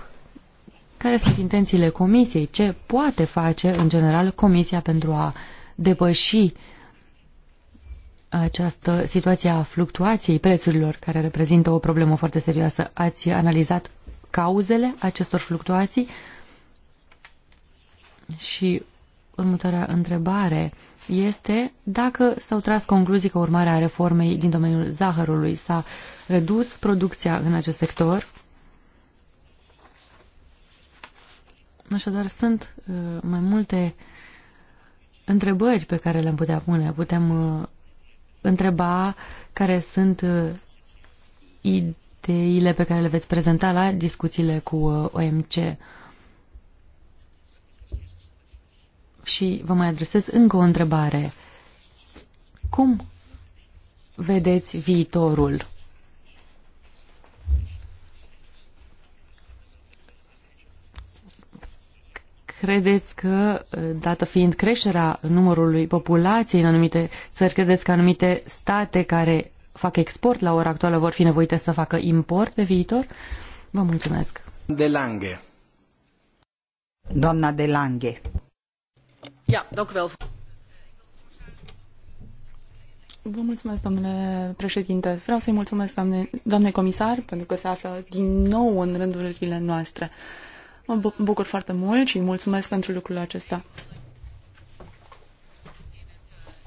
Speaker 3: care sunt intențiile comisiei, ce poate face în general comisia pentru a depăși uh, această situație a fluctuației prețurilor, care reprezintă o problemă foarte serioasă. Ați analizat cauzele acestor fluctuații? Și următoarea întrebare este dacă s-au tras concluzii că urmarea reformei din domeniul zahărului s-a redus producția în acest sector. Așadar, sunt uh, mai multe întrebări pe care le-am putea pune. Putem uh, întreba care sunt uh, ideile pe care le veți prezenta la discuțiile cu uh, OMC. Și vă mai adresez încă o întrebare. Cum vedeți viitorul? Credeți că, uh, dată fiind creșterea numărului populației în anumite țări, credeți că anumite state care fac export la ora actuală vor fi nevoite să facă import
Speaker 2: pe viitor? Vă mulțumesc.
Speaker 1: De Lange.
Speaker 2: Doamna De Lange. Ja, dank
Speaker 1: wel.
Speaker 4: Vă mulțumesc, domnule președinte. Vreau să-i mulțumesc, doamne, doamne comisar, pentru că se află din nou în rândurile noastre. Uh, Mă bucur foarte mult și mulțumesc pentru lucrul acesta.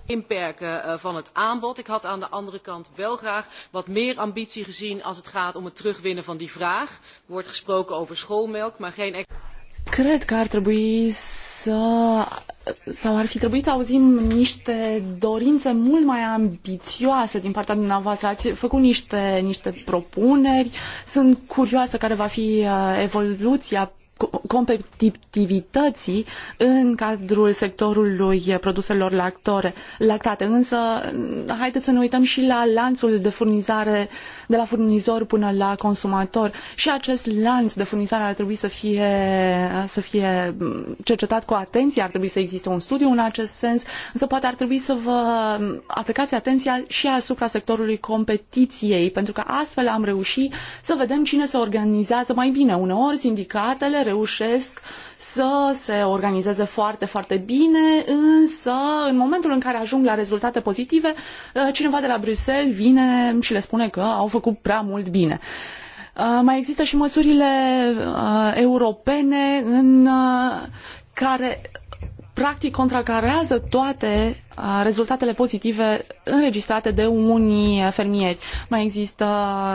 Speaker 4: Inperken
Speaker 3: eh, van het aanbod. Ik had aan de andere kant wel graag wat meer ambitie gezien als het gaat om het terugwinnen van die vraag. Er wordt gesproken over schoolmelk, maar geen.
Speaker 4: Cred că ar trebui să sau ar fi trebuit să auzim niște dorințe mult mai ambițioase din partea dumneavoastră. Ați făcut niște, niște propuneri. Sunt curioasă care va fi eh, evoluția competitivității în cadrul sectorului produselor lactore, lactate. Însă, haideți să ne uităm și la lanțul de furnizare uh, de la furnizor până la consumator și acest lanț de furnizare ar trebui să fie, să fie cercetat cu atenție, ar trebui să existe un studiu în acest sens, însă poate ar trebui să vă aplicați atenția și asupra sectorului competiției, pentru că astfel am reușit să vedem cine se organizează mai bine. Uneori sindicatele reușesc să se organizeze foarte, foarte bine, însă în momentul în care ajung la rezultate pozitive, cineva de la Bruxelles vine și le spune că au făcut făcut prea mult bine. Uh, mai există și măsurile uh, europene în uh, care practic contracarează toate rezultatele pozitive înregistrate de unii fermieri. Mai există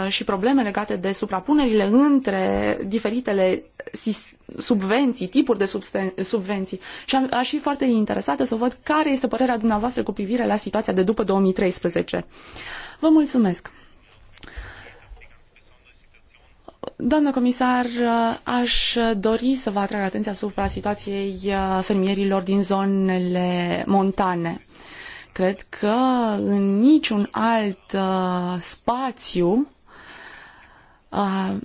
Speaker 4: și probleme legate de suprapunerile între diferitele subvenții, tipuri de subvenții. Și aș fi foarte interesată să văd care este părerea dumneavoastră cu privire la situația de după 2013. Vă mulțumesc! Doamnă comisar, aș dori să vă atrag atenția asupra situației uh, fermierilor din zonele montane. Cred că în niciun alt uh, spațiu uh,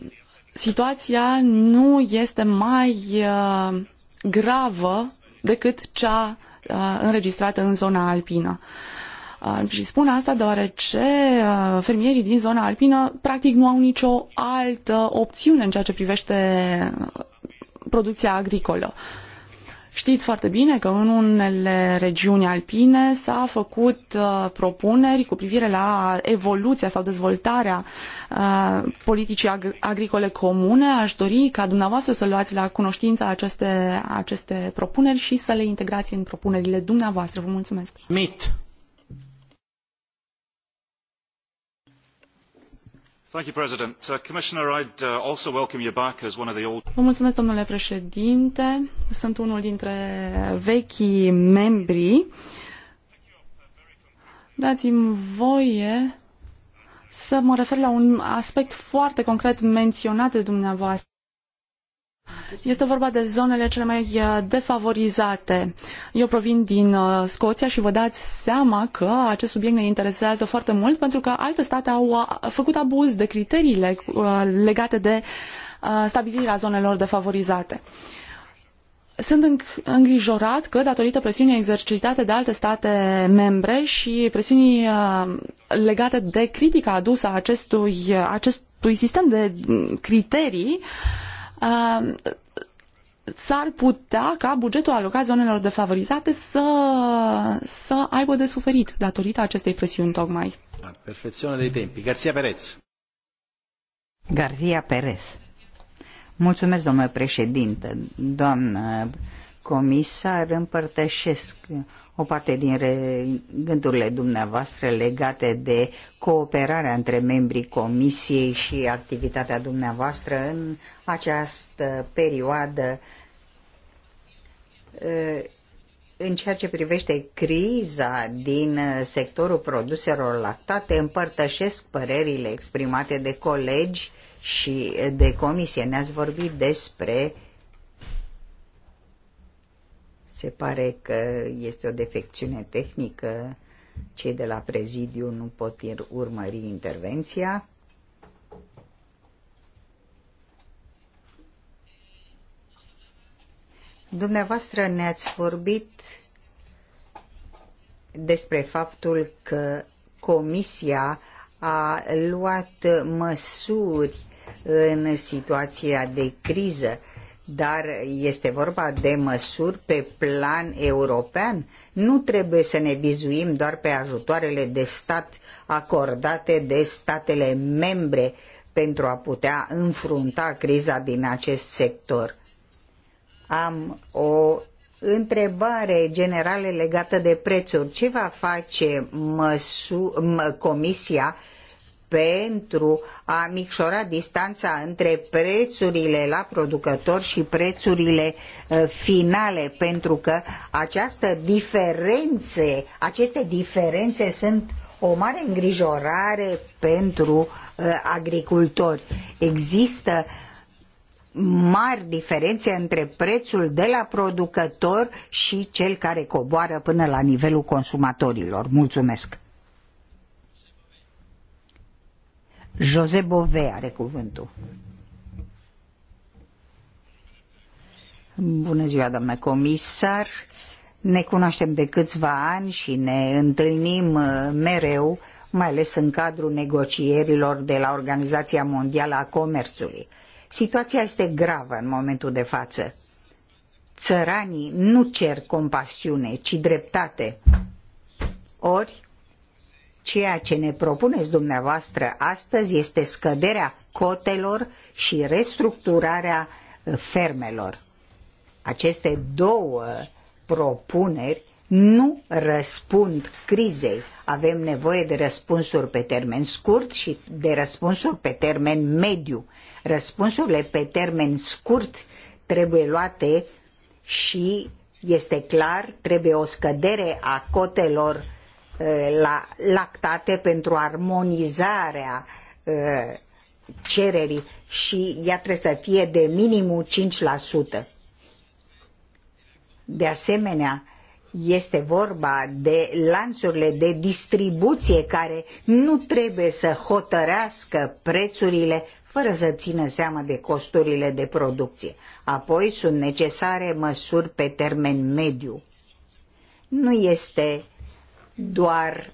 Speaker 4: situația nu este mai gravă decât cea înregistrată în zona alpină. Uh, și spun asta deoarece uh, fermierii din zona alpină practic nu au nicio altă opțiune în ceea ce privește uh, producția agricolă. Știți foarte bine că în unele regiuni alpine s-a făcut uh, propuneri cu privire la evoluția sau dezvoltarea uh, politicii ag- agricole comune. Aș dori ca dumneavoastră să luați la cunoștință aceste, aceste propuneri și să le integrați în propunerile dumneavoastră. Vă mulțumesc! Mit. mulțumesc, domnule președinte. Sunt unul dintre vechii membri. Dați-mi voie să mă refer la un aspect foarte concret menționat de dumneavoastră. Este vorba de zonele cele mai uh, defavorizate. Eu provin din uh, Scoția și vă dați seama că acest subiect ne interesează foarte mult pentru că alte state au uh, făcut abuz de criteriile legate de stabilirea zonelor defavorizate. Sunt îngrijorat că, datorită presiunii exercitate de alte state membre și presiunii legate de critica adusă acestui, acestui sistem de criterii, s-ar putea ca bugetul alocat zonelor defavorizate să, să aibă de suferit datorită
Speaker 2: acestei presiuni tocmai.
Speaker 1: Perfecțiune de tempi. Garcia Perez.
Speaker 2: Garcia Perez. Mulțumesc, domnule președinte. Doamnă comisar, împărtășesc o parte din gândurile dumneavoastră legate de cooperarea între membrii comisiei și activitatea dumneavoastră în această perioadă ă, în ceea ce privește criza din sectorul produselor lactate, împărtășesc părerile exprimate de colegi și de comisie. Ne-ați vorbit despre uh, se pare că este o defecțiune tehnică. Cei de la prezidiu nu pot urmări intervenția. Dumneavoastră ne-ați vorbit despre faptul că Comisia a luat măsuri în situația de criză dar este vorba de măsuri pe plan european. Nu trebuie să ne bizuim doar pe ajutoarele de stat acordate de statele membre pentru a putea înfrunta criza din acest sector. Am o întrebare generală legată de prețuri. Ce va face măsu- Comisia pentru a micșora distanța între prețurile la producător și prețurile uh, finale, pentru că această diferențe, aceste diferențe sunt o mare îngrijorare pentru uh, agricultori. Există mari diferențe între prețul de la producător și cel care coboară până la nivelul consumatorilor. Mulțumesc! José Bové are cuvântul. Bună ziua, doamnă comisar. Ne cunoaștem de câțiva ani și ne întâlnim uh, mereu, mai ales în cadrul negocierilor de la Organizația Mondială a Comerțului. Situația este gravă în momentul de față. Țăranii nu cer compasiune, ci dreptate. Ori Ceea ce ne propuneți dumneavoastră astăzi este scăderea cotelor și restructurarea uh, fermelor. Aceste două propuneri nu răspund crizei. Avem nevoie de răspunsuri pe termen scurt și de răspunsuri pe termen mediu. Răspunsurile pe termen scurt trebuie luate și este clar, trebuie o scădere a cotelor Eh, la lactate pentru armonizarea eh, cererii și ea trebuie să fie de minimum 5%. De asemenea, este vorba de lanțurile de distribuție care nu trebuie să hotărească prețurile fără să țină seama de costurile de producție. Apoi sunt necesare măsuri pe termen mediu. Nu este doar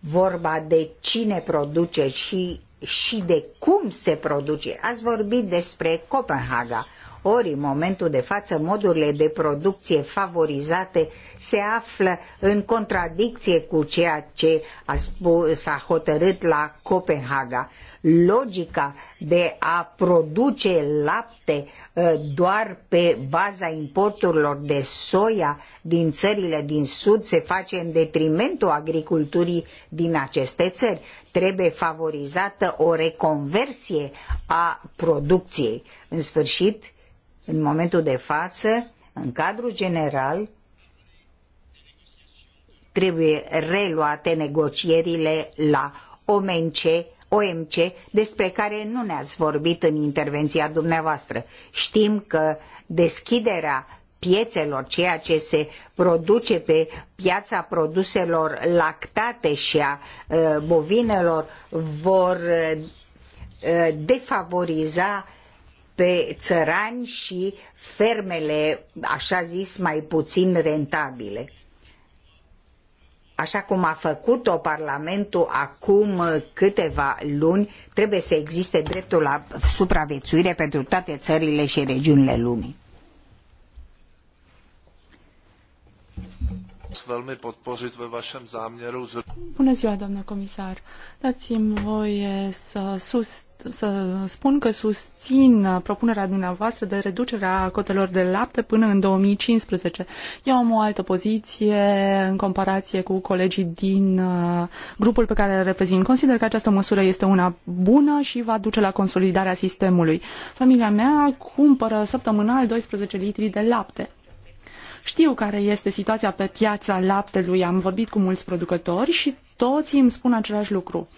Speaker 2: vorba de cine produce și, și de cum se produce. Ați vorbit despre Copenhaga, ori, în momentul de față, modurile de producție favorizate se află în contradicție cu ceea ce a spus, s-a hotărât la Copenhaga. Logica de a produce lapte uh, doar pe baza importurilor de soia din țările din sud se face în detrimentul agriculturii din aceste țări. Trebuie favorizată o reconversie a producției. În sfârșit, în momentul de față, în cadrul general, trebuie reluate negocierile la OMC, OMC, despre care nu ne-ați vorbit în intervenția dumneavoastră. Știm că deschiderea piețelor, ceea ce se produce pe piața produselor lactate și a uh, bovinelor vor uh, uh, defavoriza uh, pe țărani și fermele, așa zis, mai puțin rentabile. Așa cum a făcut-o Parlamentul acum câteva luni, trebuie să existe dreptul la supraviețuire pentru toate țările și regiunile lumii.
Speaker 4: Bună ziua, doamnă comisar. Dați-mi voie să susțin să spun că susțin propunerea dumneavoastră de reducere a cotelor de lapte până în 2015. Eu am o altă poziție în comparație cu colegii din uh, grupul pe care îl reprezint. Consider că această măsură este una bună și va duce la consolidarea sistemului. Familia mea cumpără săptămânal 12 litri de lapte. Știu care este situația pe piața laptelui, am vorbit cu mulți producători și toți îmi spun același lucru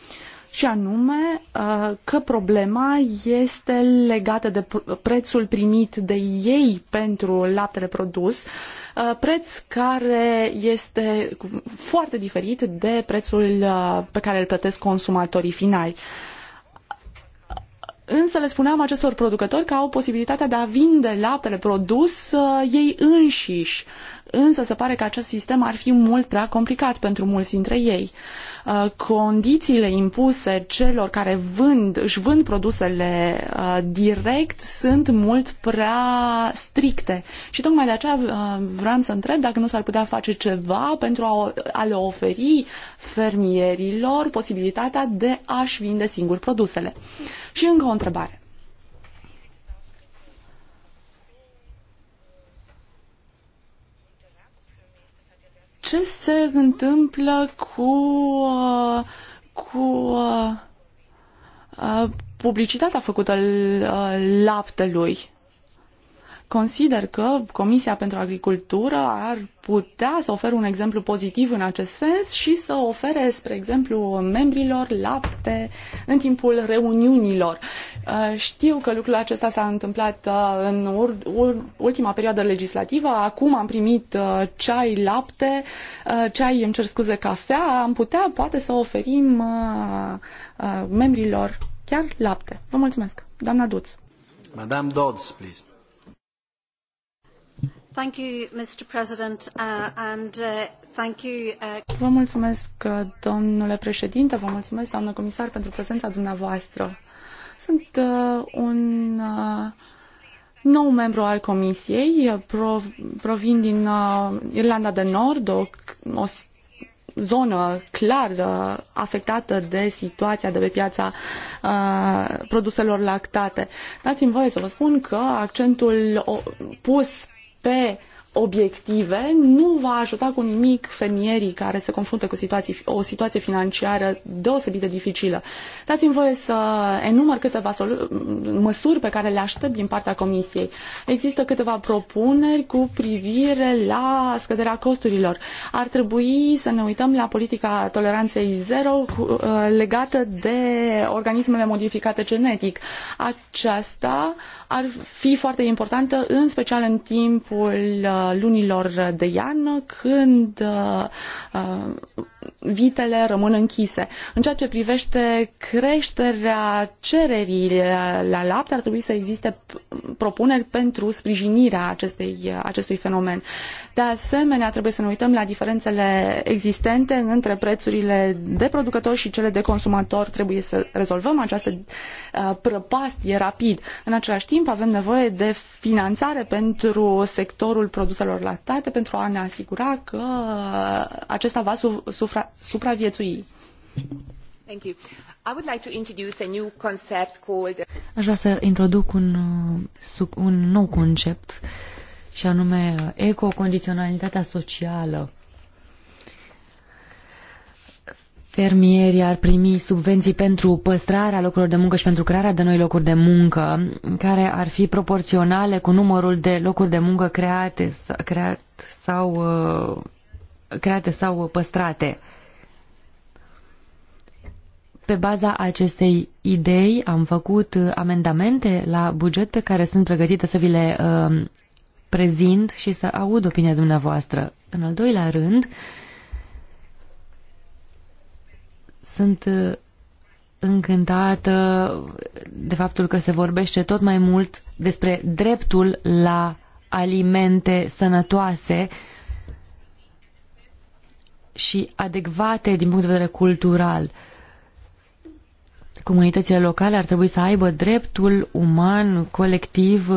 Speaker 4: și anume uh, că problema este legată de prețul primit de ei pentru laptele produs, uh, preț care este foarte diferit de prețul uh, pe care îl plătesc consumatorii finali. Însă le spuneam acestor producători că au posibilitatea de a vinde laptele produs uh, ei înșiși. Însă se pare că acest sistem ar fi mult prea complicat pentru mulți dintre ei. Uh, Uh, condițiile impuse celor care vând, își vând produsele uh, direct sunt mult prea stricte. Și tocmai de aceea uh, vreau să întreb dacă nu s-ar putea face ceva pentru a, le oferi fermierilor posibilitatea de a-și vinde singur produsele. Și încă o întrebare. ce se întâmplă cu, cu uh, uh, publicitatea făcută uh, laptelui. Consider că Comisia pentru Agricultură ar putea să ofere un exemplu pozitiv în acest sens și să ofere, spre exemplu, membrilor lapte în timpul reuniunilor. Uh, știu că lucrul acesta s-a întâmplat uh, în ultima perioadă legislativă. Acum am primit uh, ceai, lapte, ceai, îmi cer scuze, cafea. Am putea, poate, să oferim membrilor chiar lapte. Vă mulțumesc.
Speaker 1: Doamna Duț. Madame Dodds, please.
Speaker 2: Thank you, Mr. President, uh, and uh, thank you. Uh... Vă mulțumesc,
Speaker 4: uh, domnule președinte, vă mulțumesc, doamnă comisar, pentru prezența dumneavoastră. Sunt uh, un uh, nou membru al comisiei, provin din uh, Irlanda de Nord, o, o zonă clar uh, afectată de situația de pe piața uh, produselor lactate. Dați-mi voie să vă spun că accentul pus pe obiective nu va ajuta cu nimic fermierii care se confruntă cu situații, o situație financiară deosebit de dificilă. Dați-mi voie să enumăr câteva măsuri pe care le aștept din partea Comisiei. Există câteva propuneri cu privire la scăderea costurilor. Ar trebui să ne uităm la politica toleranței zero uh, legată de organismele modificate genetic. Aceasta ar fi foarte importantă, în special în timpul uh, lunilor de iarnă, când uh, uh, vitele rămân închise. În ceea ce privește creșterea cererii la lapte, ar trebui să existe propuneri pentru sprijinirea acestei, acestui fenomen. De asemenea, trebuie să ne uităm la diferențele existente între prețurile de producători și cele de consumator. Trebuie să rezolvăm această uh, prăpastie rapid. În același timp, avem nevoie de finanțare pentru sectorul produselor lactate pentru a ne asigura că acesta va suferi supraviețui. Thank you. I would like to introduce a new concept called...
Speaker 3: Aș vrea să introduc un, uh, un nou concept și anume uh, ecocondiționalitatea socială. Fermierii ar primi subvenții pentru păstrarea locurilor de muncă și pentru crearea de noi locuri de muncă, care ar fi proporționale cu numărul de locuri de muncă create, creat sau uh, create sau păstrate. Pe baza acestei idei am făcut uh, amendamente la buget pe care sunt pregătită să vi le uh, prezint și să aud opinia dumneavoastră. În al doilea rând, sunt uh, încântată de faptul că se vorbește tot mai mult despre dreptul la alimente sănătoase uh, și adecvate din punct de vedere cultural. Comunitățile locale ar trebui să aibă dreptul uman, colectiv,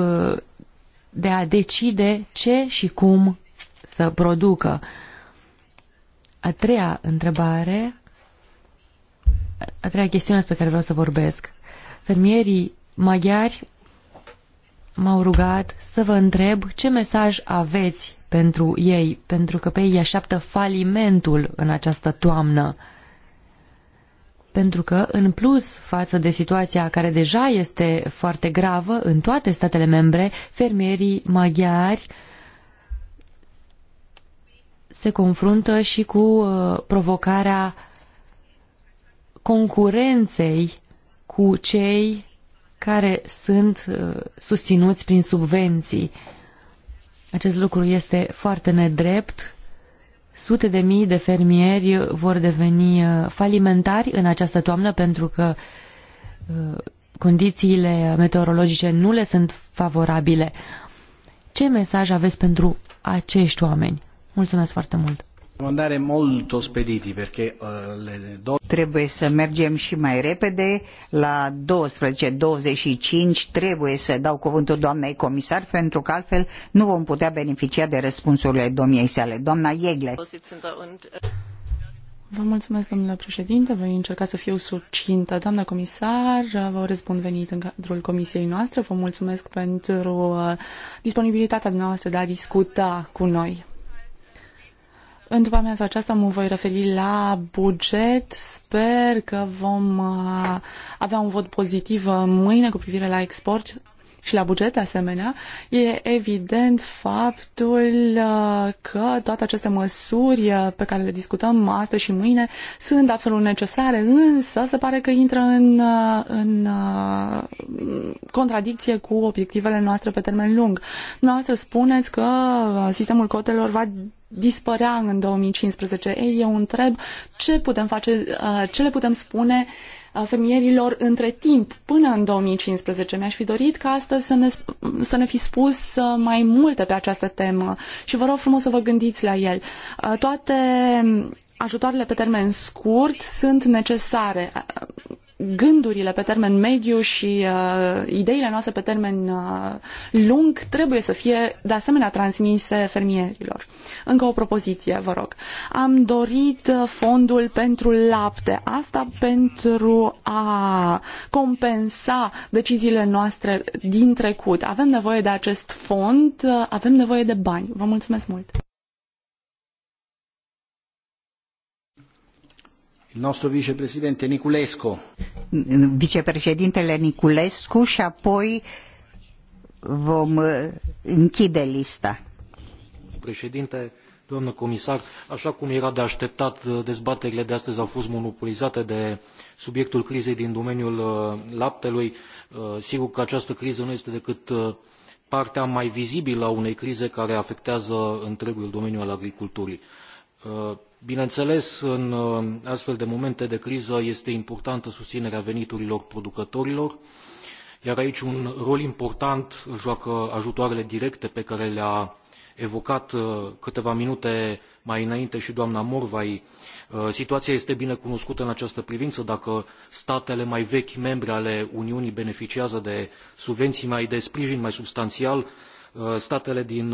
Speaker 3: de a decide ce și cum să producă. A treia întrebare, a treia chestiune despre care vreau să vorbesc. Fermierii maghiari m-au rugat să vă întreb ce mesaj aveți pentru ei, pentru că pe ei așteaptă falimentul în această toamnă. Pentru că, în plus față de situația care deja este foarte gravă în toate statele membre, fermierii maghiari se confruntă și cu uh, provocarea concurenței cu cei care sunt uh, susținuți prin subvenții. Acest lucru este foarte nedrept. Sute de mii de fermieri vor deveni uh, falimentari în această toamnă pentru că uh, condițiile meteorologice nu le sunt favorabile. Ce mesaj aveți pentru acești oameni? Mulțumesc foarte mult!
Speaker 2: Andare molto spediti perché uh, le do... Trebuie să mergem și mai repede. La 12.25 trebuie să dau cuvântul doamnei comisar pentru că altfel nu vom putea beneficia de răspunsurile domniei sale. Doamna Iegle. Vă mulțumesc,
Speaker 4: domnule președinte. Voi încerca să fiu succintă. Doamna comisar, vă urez bun venit în cadrul comisiei noastre. Vă mulțumesc pentru uh, disponibilitatea noastră de a discuta cu noi. În după amiaza aceasta mă voi referi la buget. Sper că vom uh, avea un vot pozitiv uh, mâine cu privire la export și la buget de asemenea. E evident faptul uh, că toate aceste măsuri pe care le discutăm astăzi și mâine sunt absolut necesare, însă se pare că intră în, în contradicție cu obiectivele noastre pe termen lung. Noastră spuneți că sistemul cotelor va dispărea în 2015. Ei, eu întreb ce putem face, uh, ce le putem spune uh, fermierilor între timp, până în 2015. Mi-aș fi dorit ca astăzi să ne, să ne fi spus uh, mai multe pe această temă și vă rog frumos să vă gândiți la el. Toate ajutoarele pe termen scurt sunt necesare gândurile pe termen mediu și uh, ideile noastre pe termen uh, lung trebuie să fie de asemenea transmise fermierilor. Încă o propoziție, vă rog. Am dorit uh, fondul pentru lapte. Asta pentru a compensa deciziile noastre din trecut. Avem nevoie de acest fond, uh, avem nevoie de bani. Vă
Speaker 2: mulțumesc mult!
Speaker 1: nostro Niculescu.
Speaker 2: Vicepreședintele Niculescu și apoi vom uh, închide lista.
Speaker 1: Președinte, domnule comisar, așa cum era de așteptat, uh, dezbaterile de astăzi au fost monopolizate de subiectul crizei din domeniul uh, laptelui. Sigur că această criză nu este decât partea mai vizibilă a unei crize care afectează întregul domeniu al agriculturii Bineînțeles, în uh, astfel de momente de criză este importantă susținerea veniturilor producătorilor, iar aici un rol important îl joacă ajutoarele directe pe care le-a evocat uh, câteva minute mai înainte și doamna Morvai. Uh, situația este bine cunoscută în această privință. Dacă statele mai vechi membre ale Uniunii beneficiază de subvenții mai de sprijin mai substanțial, statele din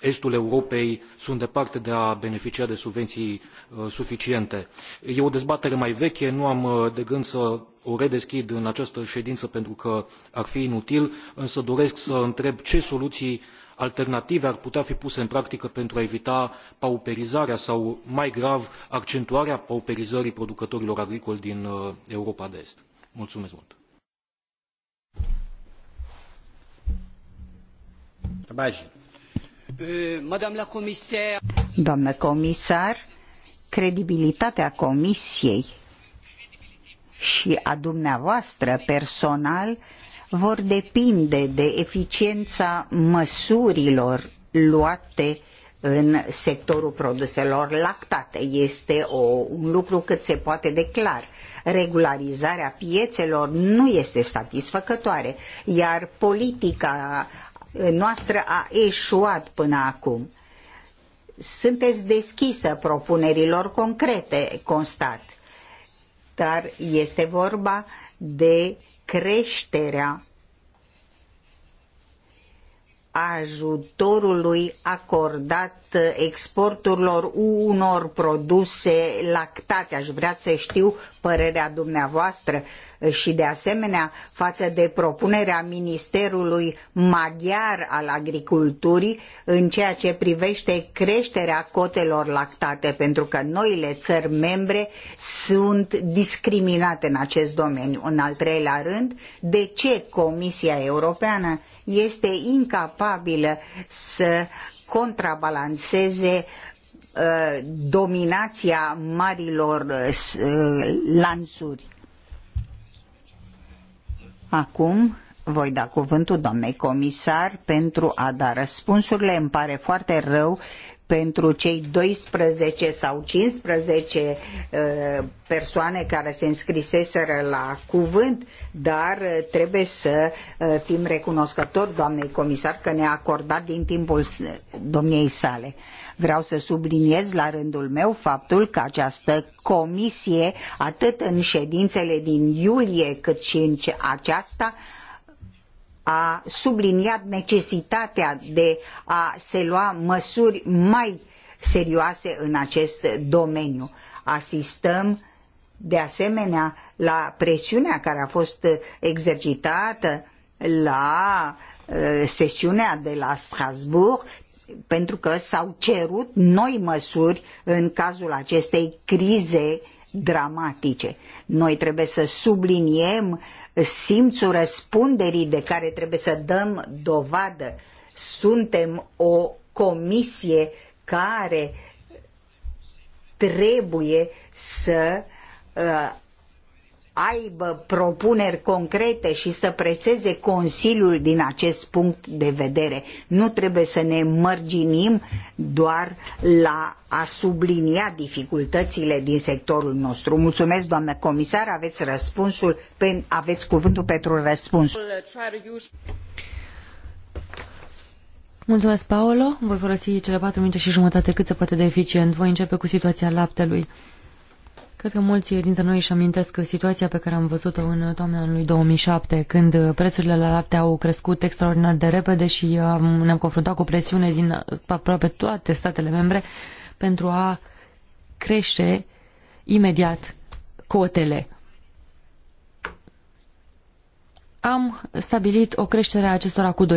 Speaker 1: estul Europei sunt departe de a beneficia de subvenții uh, suficiente. E o dezbatere mai veche, nu am uh, de gând să o redeschid în această ședință pentru că ar fi inutil, însă doresc să întreb ce soluții alternative ar putea fi puse în practică pentru a evita pauperizarea sau, mai grav, accentuarea pauperizării producătorilor agricoli din uh, Europa de Est. Mulțumesc mult!
Speaker 2: Tabajdi. Doamnă comisar. credibilitatea comisiei și a dumneavoastră personal vor depinde de eficiența măsurilor luate în sectorul produselor lactate. Este o, un lucru cât se poate de clar. Regularizarea piețelor nu este satisfăcătoare, iar politica noastră a eșuat până acum. Sunteți deschisă propunerilor concrete, constat, dar este vorba de creșterea ajutorului acordat exporturilor unor produse lactate. Aș vrea să știu părerea dumneavoastră și de asemenea față de propunerea Ministerului Maghiar al Agriculturii în ceea ce privește creșterea cotelor lactate, pentru că noile țări membre sunt discriminate în acest domeniu. În al treilea rând, de ce Comisia Europeană este incapabilă să contrabalanceze uh, dominația marilor uh, lanțuri. Acum voi da cuvântul doamnei comisar pentru a da răspunsurile. Îmi pare foarte rău pentru cei 12 sau 15 uh, persoane care se înscriseseră la cuvânt, dar uh, trebuie să uh, fim recunoscători doamnei comisar că ne-a acordat din timpul domniei sale. Vreau să subliniez la rândul meu faptul că această comisie, atât în ședințele din iulie cât și în aceasta, a subliniat necesitatea de a se lua măsuri mai serioase în acest domeniu. Asistăm de asemenea la presiunea care a fost exercitată la uh, sesiunea de la Strasbourg pentru că s-au cerut noi măsuri în cazul acestei crize dramatice. Noi trebuie să subliniem simțul răspunderii de care trebuie să dăm dovadă. Suntem o comisie care trebuie să uh, aibă propuneri concrete și să preseze Consiliul din acest punct de vedere. Nu trebuie să ne mărginim doar la a sublinia dificultățile din sectorul nostru. Mulțumesc, doamnă comisar, aveți răspunsul, aveți cuvântul pentru răspuns. Mulțumesc, Paolo. Voi folosi
Speaker 3: cele patru minute și jumătate cât se poate de eficient. Voi începe cu situația laptelui. Cred că mulți dintre noi își amintesc situația pe care am văzut-o în toamna anului 2007, când prețurile la lapte au crescut extraordinar de repede și uh, ne-am confruntat cu presiune din aproape toate statele membre pentru a crește imediat cotele. Am stabilit o creștere a acestora cu 2%.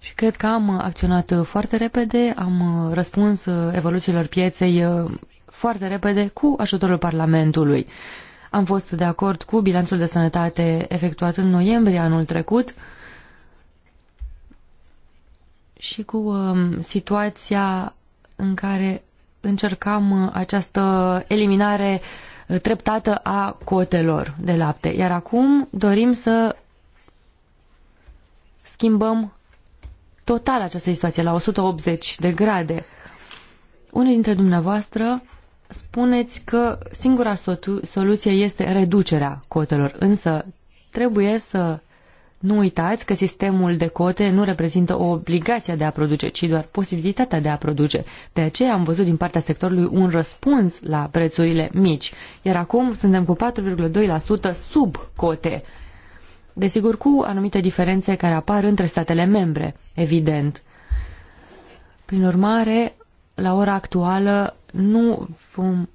Speaker 3: Și cred că am acționat foarte repede, am uh, răspuns uh, evoluțiilor pieței foarte repede cu ajutorul Parlamentului. Am fost de acord cu bilanțul de sănătate efectuat în noiembrie anul trecut și cu um, situația în care încercam uh, această eliminare uh, treptată a cotelor de lapte. Iar acum dorim să schimbăm total această situație la 180 de grade. Unul dintre dumneavoastră spuneți că singura soluție este reducerea cotelor, însă trebuie să nu uitați că sistemul de cote nu reprezintă o obligație de a produce, ci doar posibilitatea de a produce. De aceea am văzut din partea sectorului un răspuns la prețurile mici, iar acum suntem cu 4,2% sub cote. Desigur, cu anumite diferențe care apar între statele membre, evident. Prin urmare, la ora actuală nu vom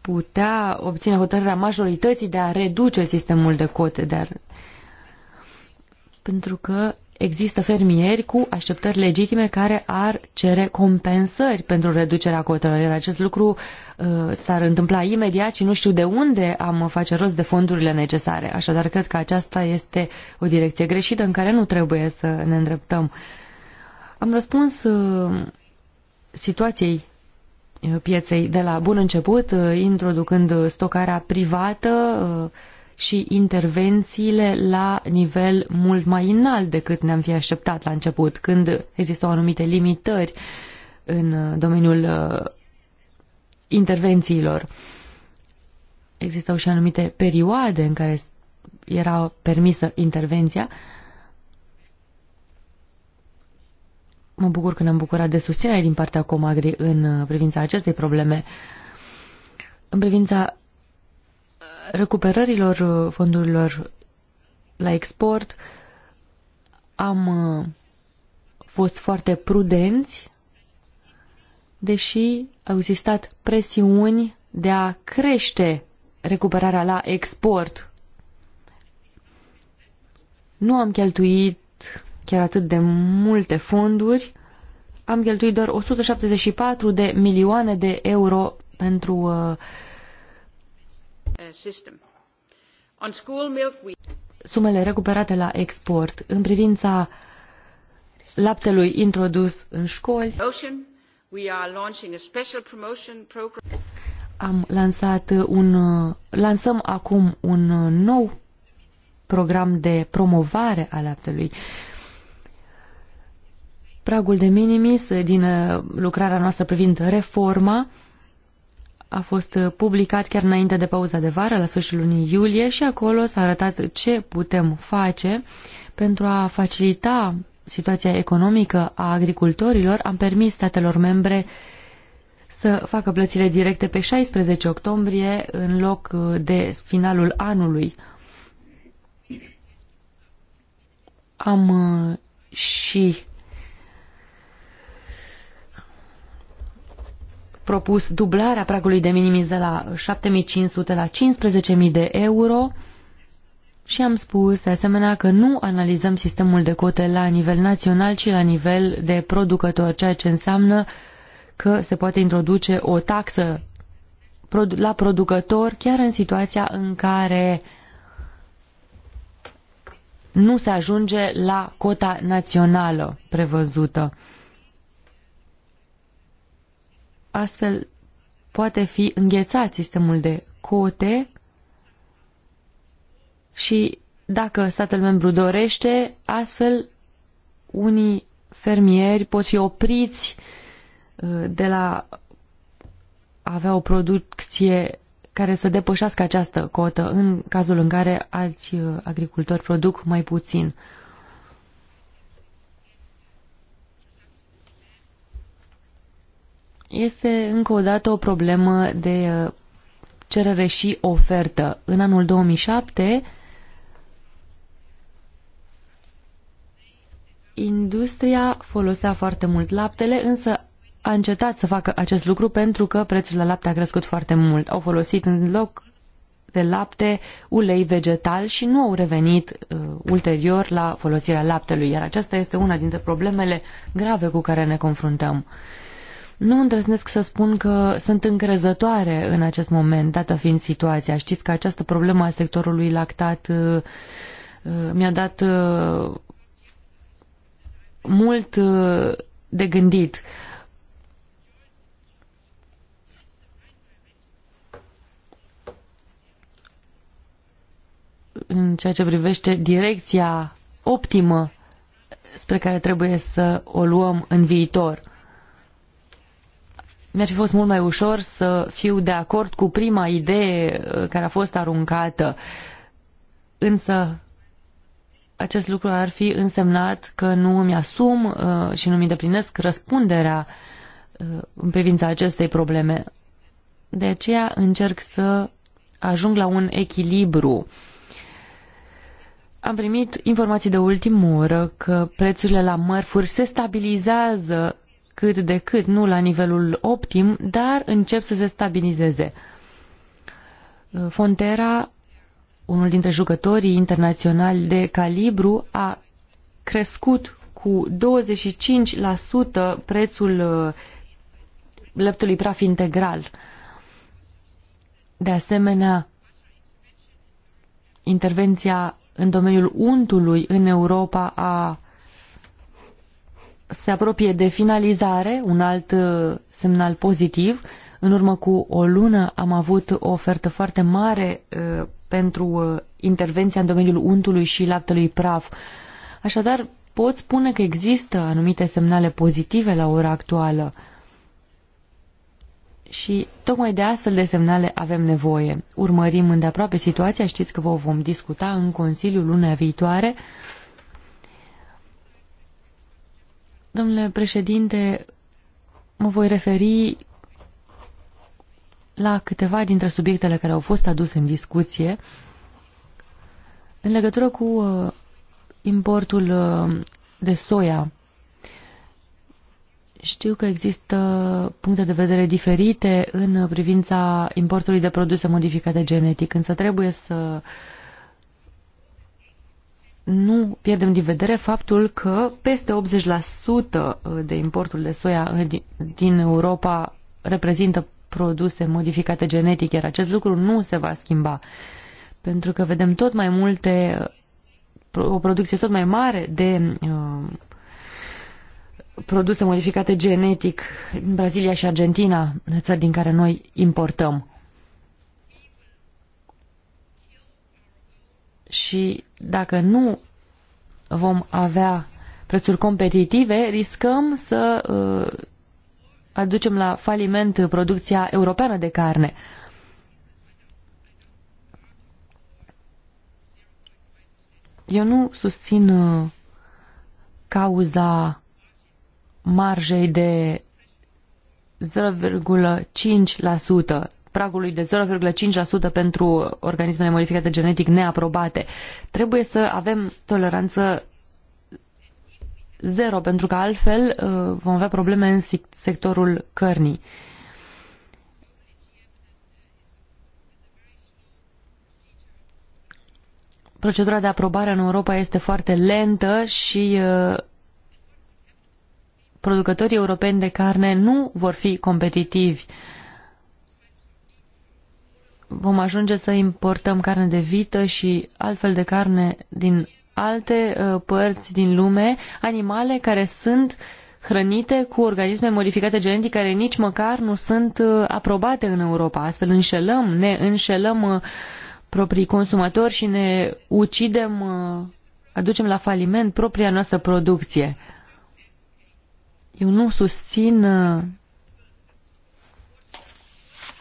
Speaker 3: putea obține hotărârea majorității de a reduce sistemul de cote, de a... pentru că există fermieri cu așteptări legitime care ar cere compensări pentru reducerea cotelor. Iar acest lucru uh, s-ar întâmpla imediat și nu știu de unde am face rost de fondurile necesare. Așadar, cred că aceasta este o direcție greșită în care nu trebuie să ne îndreptăm. Am răspuns uh, situației uh, pieței de la bun început, uh, introducând stocarea privată uh, și intervențiile la nivel mult mai înalt decât ne-am fi așteptat la început, când existau anumite limitări în domeniul intervențiilor. Existau și anumite perioade în care era permisă intervenția, Mă bucur că ne-am bucurat de susținere din partea Comagri în uh, privința acestei probleme. În privința uh, recuperărilor uh, fondurilor la export, am fost foarte prudenți, deși au existat presiuni de a crește recuperarea la export. Nu am cheltuit chiar atât de multe fonduri, am cheltuit doar 174 de milioane de euro pentru uh, eh, sumele recuperate la export în privința laptelui introdus în școli.
Speaker 2: Ocean, we are launching a special promotion program.
Speaker 3: Am lansat un uh, lansăm acum un uh, nou program de promovare a laptelui. Uh, Pragul de minimis din uh, lucrarea noastră privind reforma a fost uh, publicat chiar înainte de pauza de vară, la sfârșitul lunii iulie, și acolo s-a arătat ce putem face pentru a facilita situația economică a agricultorilor. Am permis statelor membre să facă plățile directe pe 16 octombrie în loc uh, de finalul anului. Am și propus dublarea pragului de minimis de la 7500 la 15.000 de euro și am spus de asemenea că nu analizăm sistemul de cote la nivel național, ci la nivel de producător, ceea ce înseamnă că se poate introduce o taxă la producător chiar în situația în care nu se ajunge la cota națională prevăzută. Astfel poate fi înghețat sistemul de cote și dacă statul membru dorește, astfel unii fermieri pot fi opriți uh, de la avea o producție care să depășească această cotă în cazul în care alți uh, agricultori produc mai puțin. Este încă o dată o problemă de uh, cerere și ofertă. În anul 2007, industria folosea foarte mult laptele, însă a încetat să facă acest lucru pentru că prețul la lapte a crescut foarte mult. Au folosit în loc de lapte ulei vegetal și nu au revenit uh, ulterior la folosirea laptelui, iar aceasta este una dintre problemele grave cu care ne confruntăm. Uh, nu îndrăznesc să spun că sunt încrezătoare în acest moment, dată fiind situația. Știți că această problemă a sectorului lactat uh, uh, mi-a dat uh, mult de gândit. În ceea ce privește direcția optimă spre care trebuie să o luăm în viitor mi-ar fi fost mult mai ușor să fiu de acord cu prima idee uh, care a fost aruncată. Însă acest lucru ar fi însemnat că nu îmi asum uh, și nu îmi îndeplinesc răspunderea uh, în privința acestei probleme. De aceea încerc să ajung la un echilibru. Am primit informații de ultimă oră că prețurile la mărfuri se stabilizează cât de cât, nu la nivelul optim, dar încep să se stabilizeze. Fontera, unul dintre jucătorii internaționali de calibru, a crescut cu 25% prețul uh, leptului praf integral. De asemenea, intervenția în domeniul untului în Europa a se apropie de finalizare, un alt uh, semnal pozitiv. În urmă cu o lună am avut o ofertă foarte mare uh, pentru uh, intervenția în domeniul untului și laptelui praf. Așadar, pot spune că există anumite semnale pozitive la ora actuală și tocmai de astfel de semnale avem nevoie. Urmărim îndeaproape situația, știți că vă vom discuta în Consiliul lunea viitoare Domnule președinte, mă voi referi la câteva dintre subiectele care au fost aduse în discuție în legătură cu uh, importul uh, de soia. Știu că există puncte de vedere diferite în privința importului de produse modificate genetic, însă trebuie să uh, nu pierdem din vedere faptul că peste 80% de importul de soia din Europa reprezintă produse modificate genetic, iar acest lucru nu se va schimba. Pentru că vedem tot mai multe, o producție tot mai mare de uh, produse modificate genetic în Brazilia și Argentina, țări din care noi importăm. și dacă nu vom avea prețuri competitive, riscăm să uh, aducem la faliment producția europeană de carne. Eu nu susțin uh, cauza marjei de 0,5% pragului de 0,5% pentru organismele modificate genetic neaprobate. Trebuie să avem toleranță zero, pentru că altfel uh, vom avea probleme în sectorul cărnii. Procedura de aprobare în Europa este foarte lentă și uh, producătorii europeni de carne nu vor fi competitivi vom ajunge să importăm carne de vită și altfel de carne din alte uh, părți din lume, animale care sunt hrănite cu organisme modificate genetic care nici măcar nu sunt uh, aprobate în Europa. Astfel înșelăm, ne înșelăm uh, proprii consumatori și ne ucidem, aducem la faliment propria noastră producție. Eu nu susțin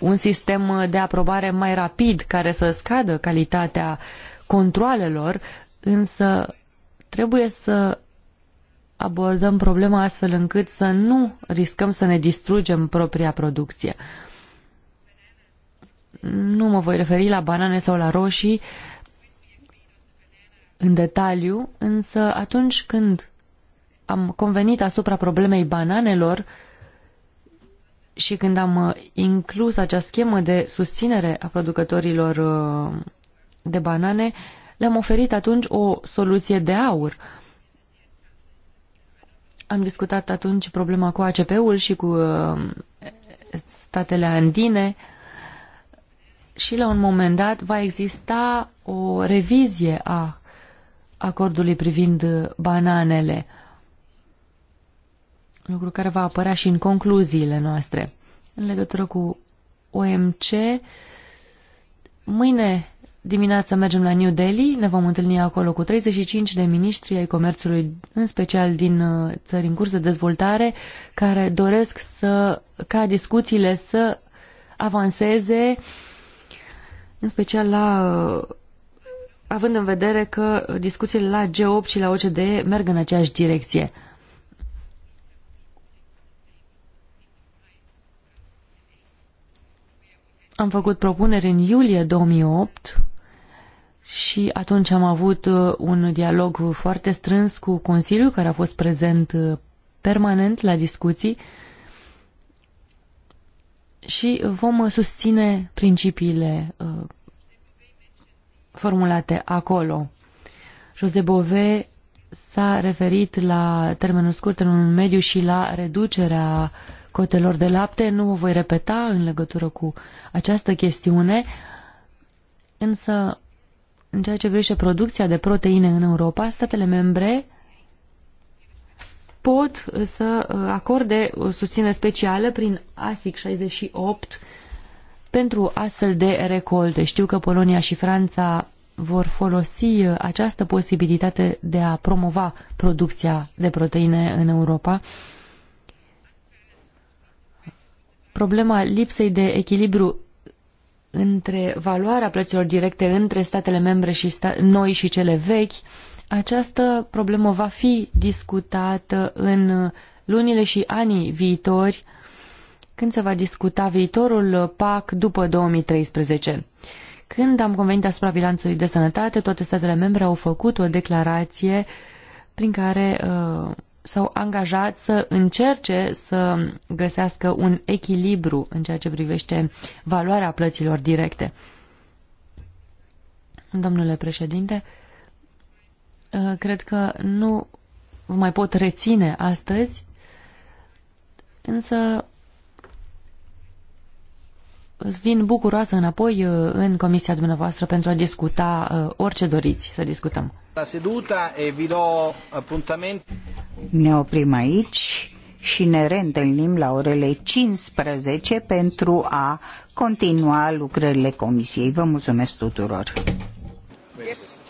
Speaker 3: un sistem de aprobare mai rapid care să scadă calitatea controalelor, însă trebuie să abordăm problema astfel încât să nu riscăm să ne distrugem propria producție. Nu mă voi referi la banane sau la roșii în detaliu, însă atunci când am convenit asupra problemei bananelor, uh, și când am uh, inclus această schemă de susținere a producătorilor uh, de banane, le-am oferit atunci o soluție de aur. Am discutat atunci problema cu ACP-ul și cu uh, statele andine și la un moment dat va exista o revizie a acordului privind bananele lucru care va apărea și în concluziile noastre. În legătură cu OMC, mâine dimineața mergem la New Delhi, ne vom întâlni acolo cu 35 de miniștri ai comerțului, în special din uh, țări în curs de dezvoltare, care doresc să, ca discuțiile să avanseze, în special la uh, având în vedere că discuțiile la G8 și la OCDE merg în aceeași direcție. Am făcut propuneri în iulie 2008 și atunci am avut uh, un dialog foarte strâns cu Consiliul, care a fost prezent uh, permanent la discuții și vom susține principiile uh, formulate acolo. Jose Bove s-a referit la termenul scurt în un mediu și la reducerea uh, cotelor de lapte. Nu o voi repeta în legătură cu această chestiune, însă în ceea ce privește producția de proteine în Europa, statele membre pot să uh, acorde o susținere specială prin ASIC 68 pentru astfel de recolte. Știu că Polonia și Franța vor folosi uh, această posibilitate de a promova producția de proteine în Europa problema lipsei de echilibru între valoarea plăților directe între statele membre și sta noi și cele vechi, această problemă va fi discutată în lunile și anii viitori, când se va discuta viitorul PAC după 2013. Când am convenit asupra bilanțului de sănătate, toate statele membre au făcut o declarație prin care uh, s-au angajat să încerce să găsească un echilibru în ceea ce privește valoarea plăților directe. Domnule președinte, uh, cred că nu mai pot reține astăzi, însă vin bucuroasă înapoi uh, în comisia dumneavoastră pentru a discuta uh, orice doriți să discutăm.
Speaker 1: La seduta e vi do
Speaker 2: Ne oprim aici și ne reîntâlnim la orele 15 pentru a continua lucrările comisiei. Vă mulțumesc tuturor! Yes.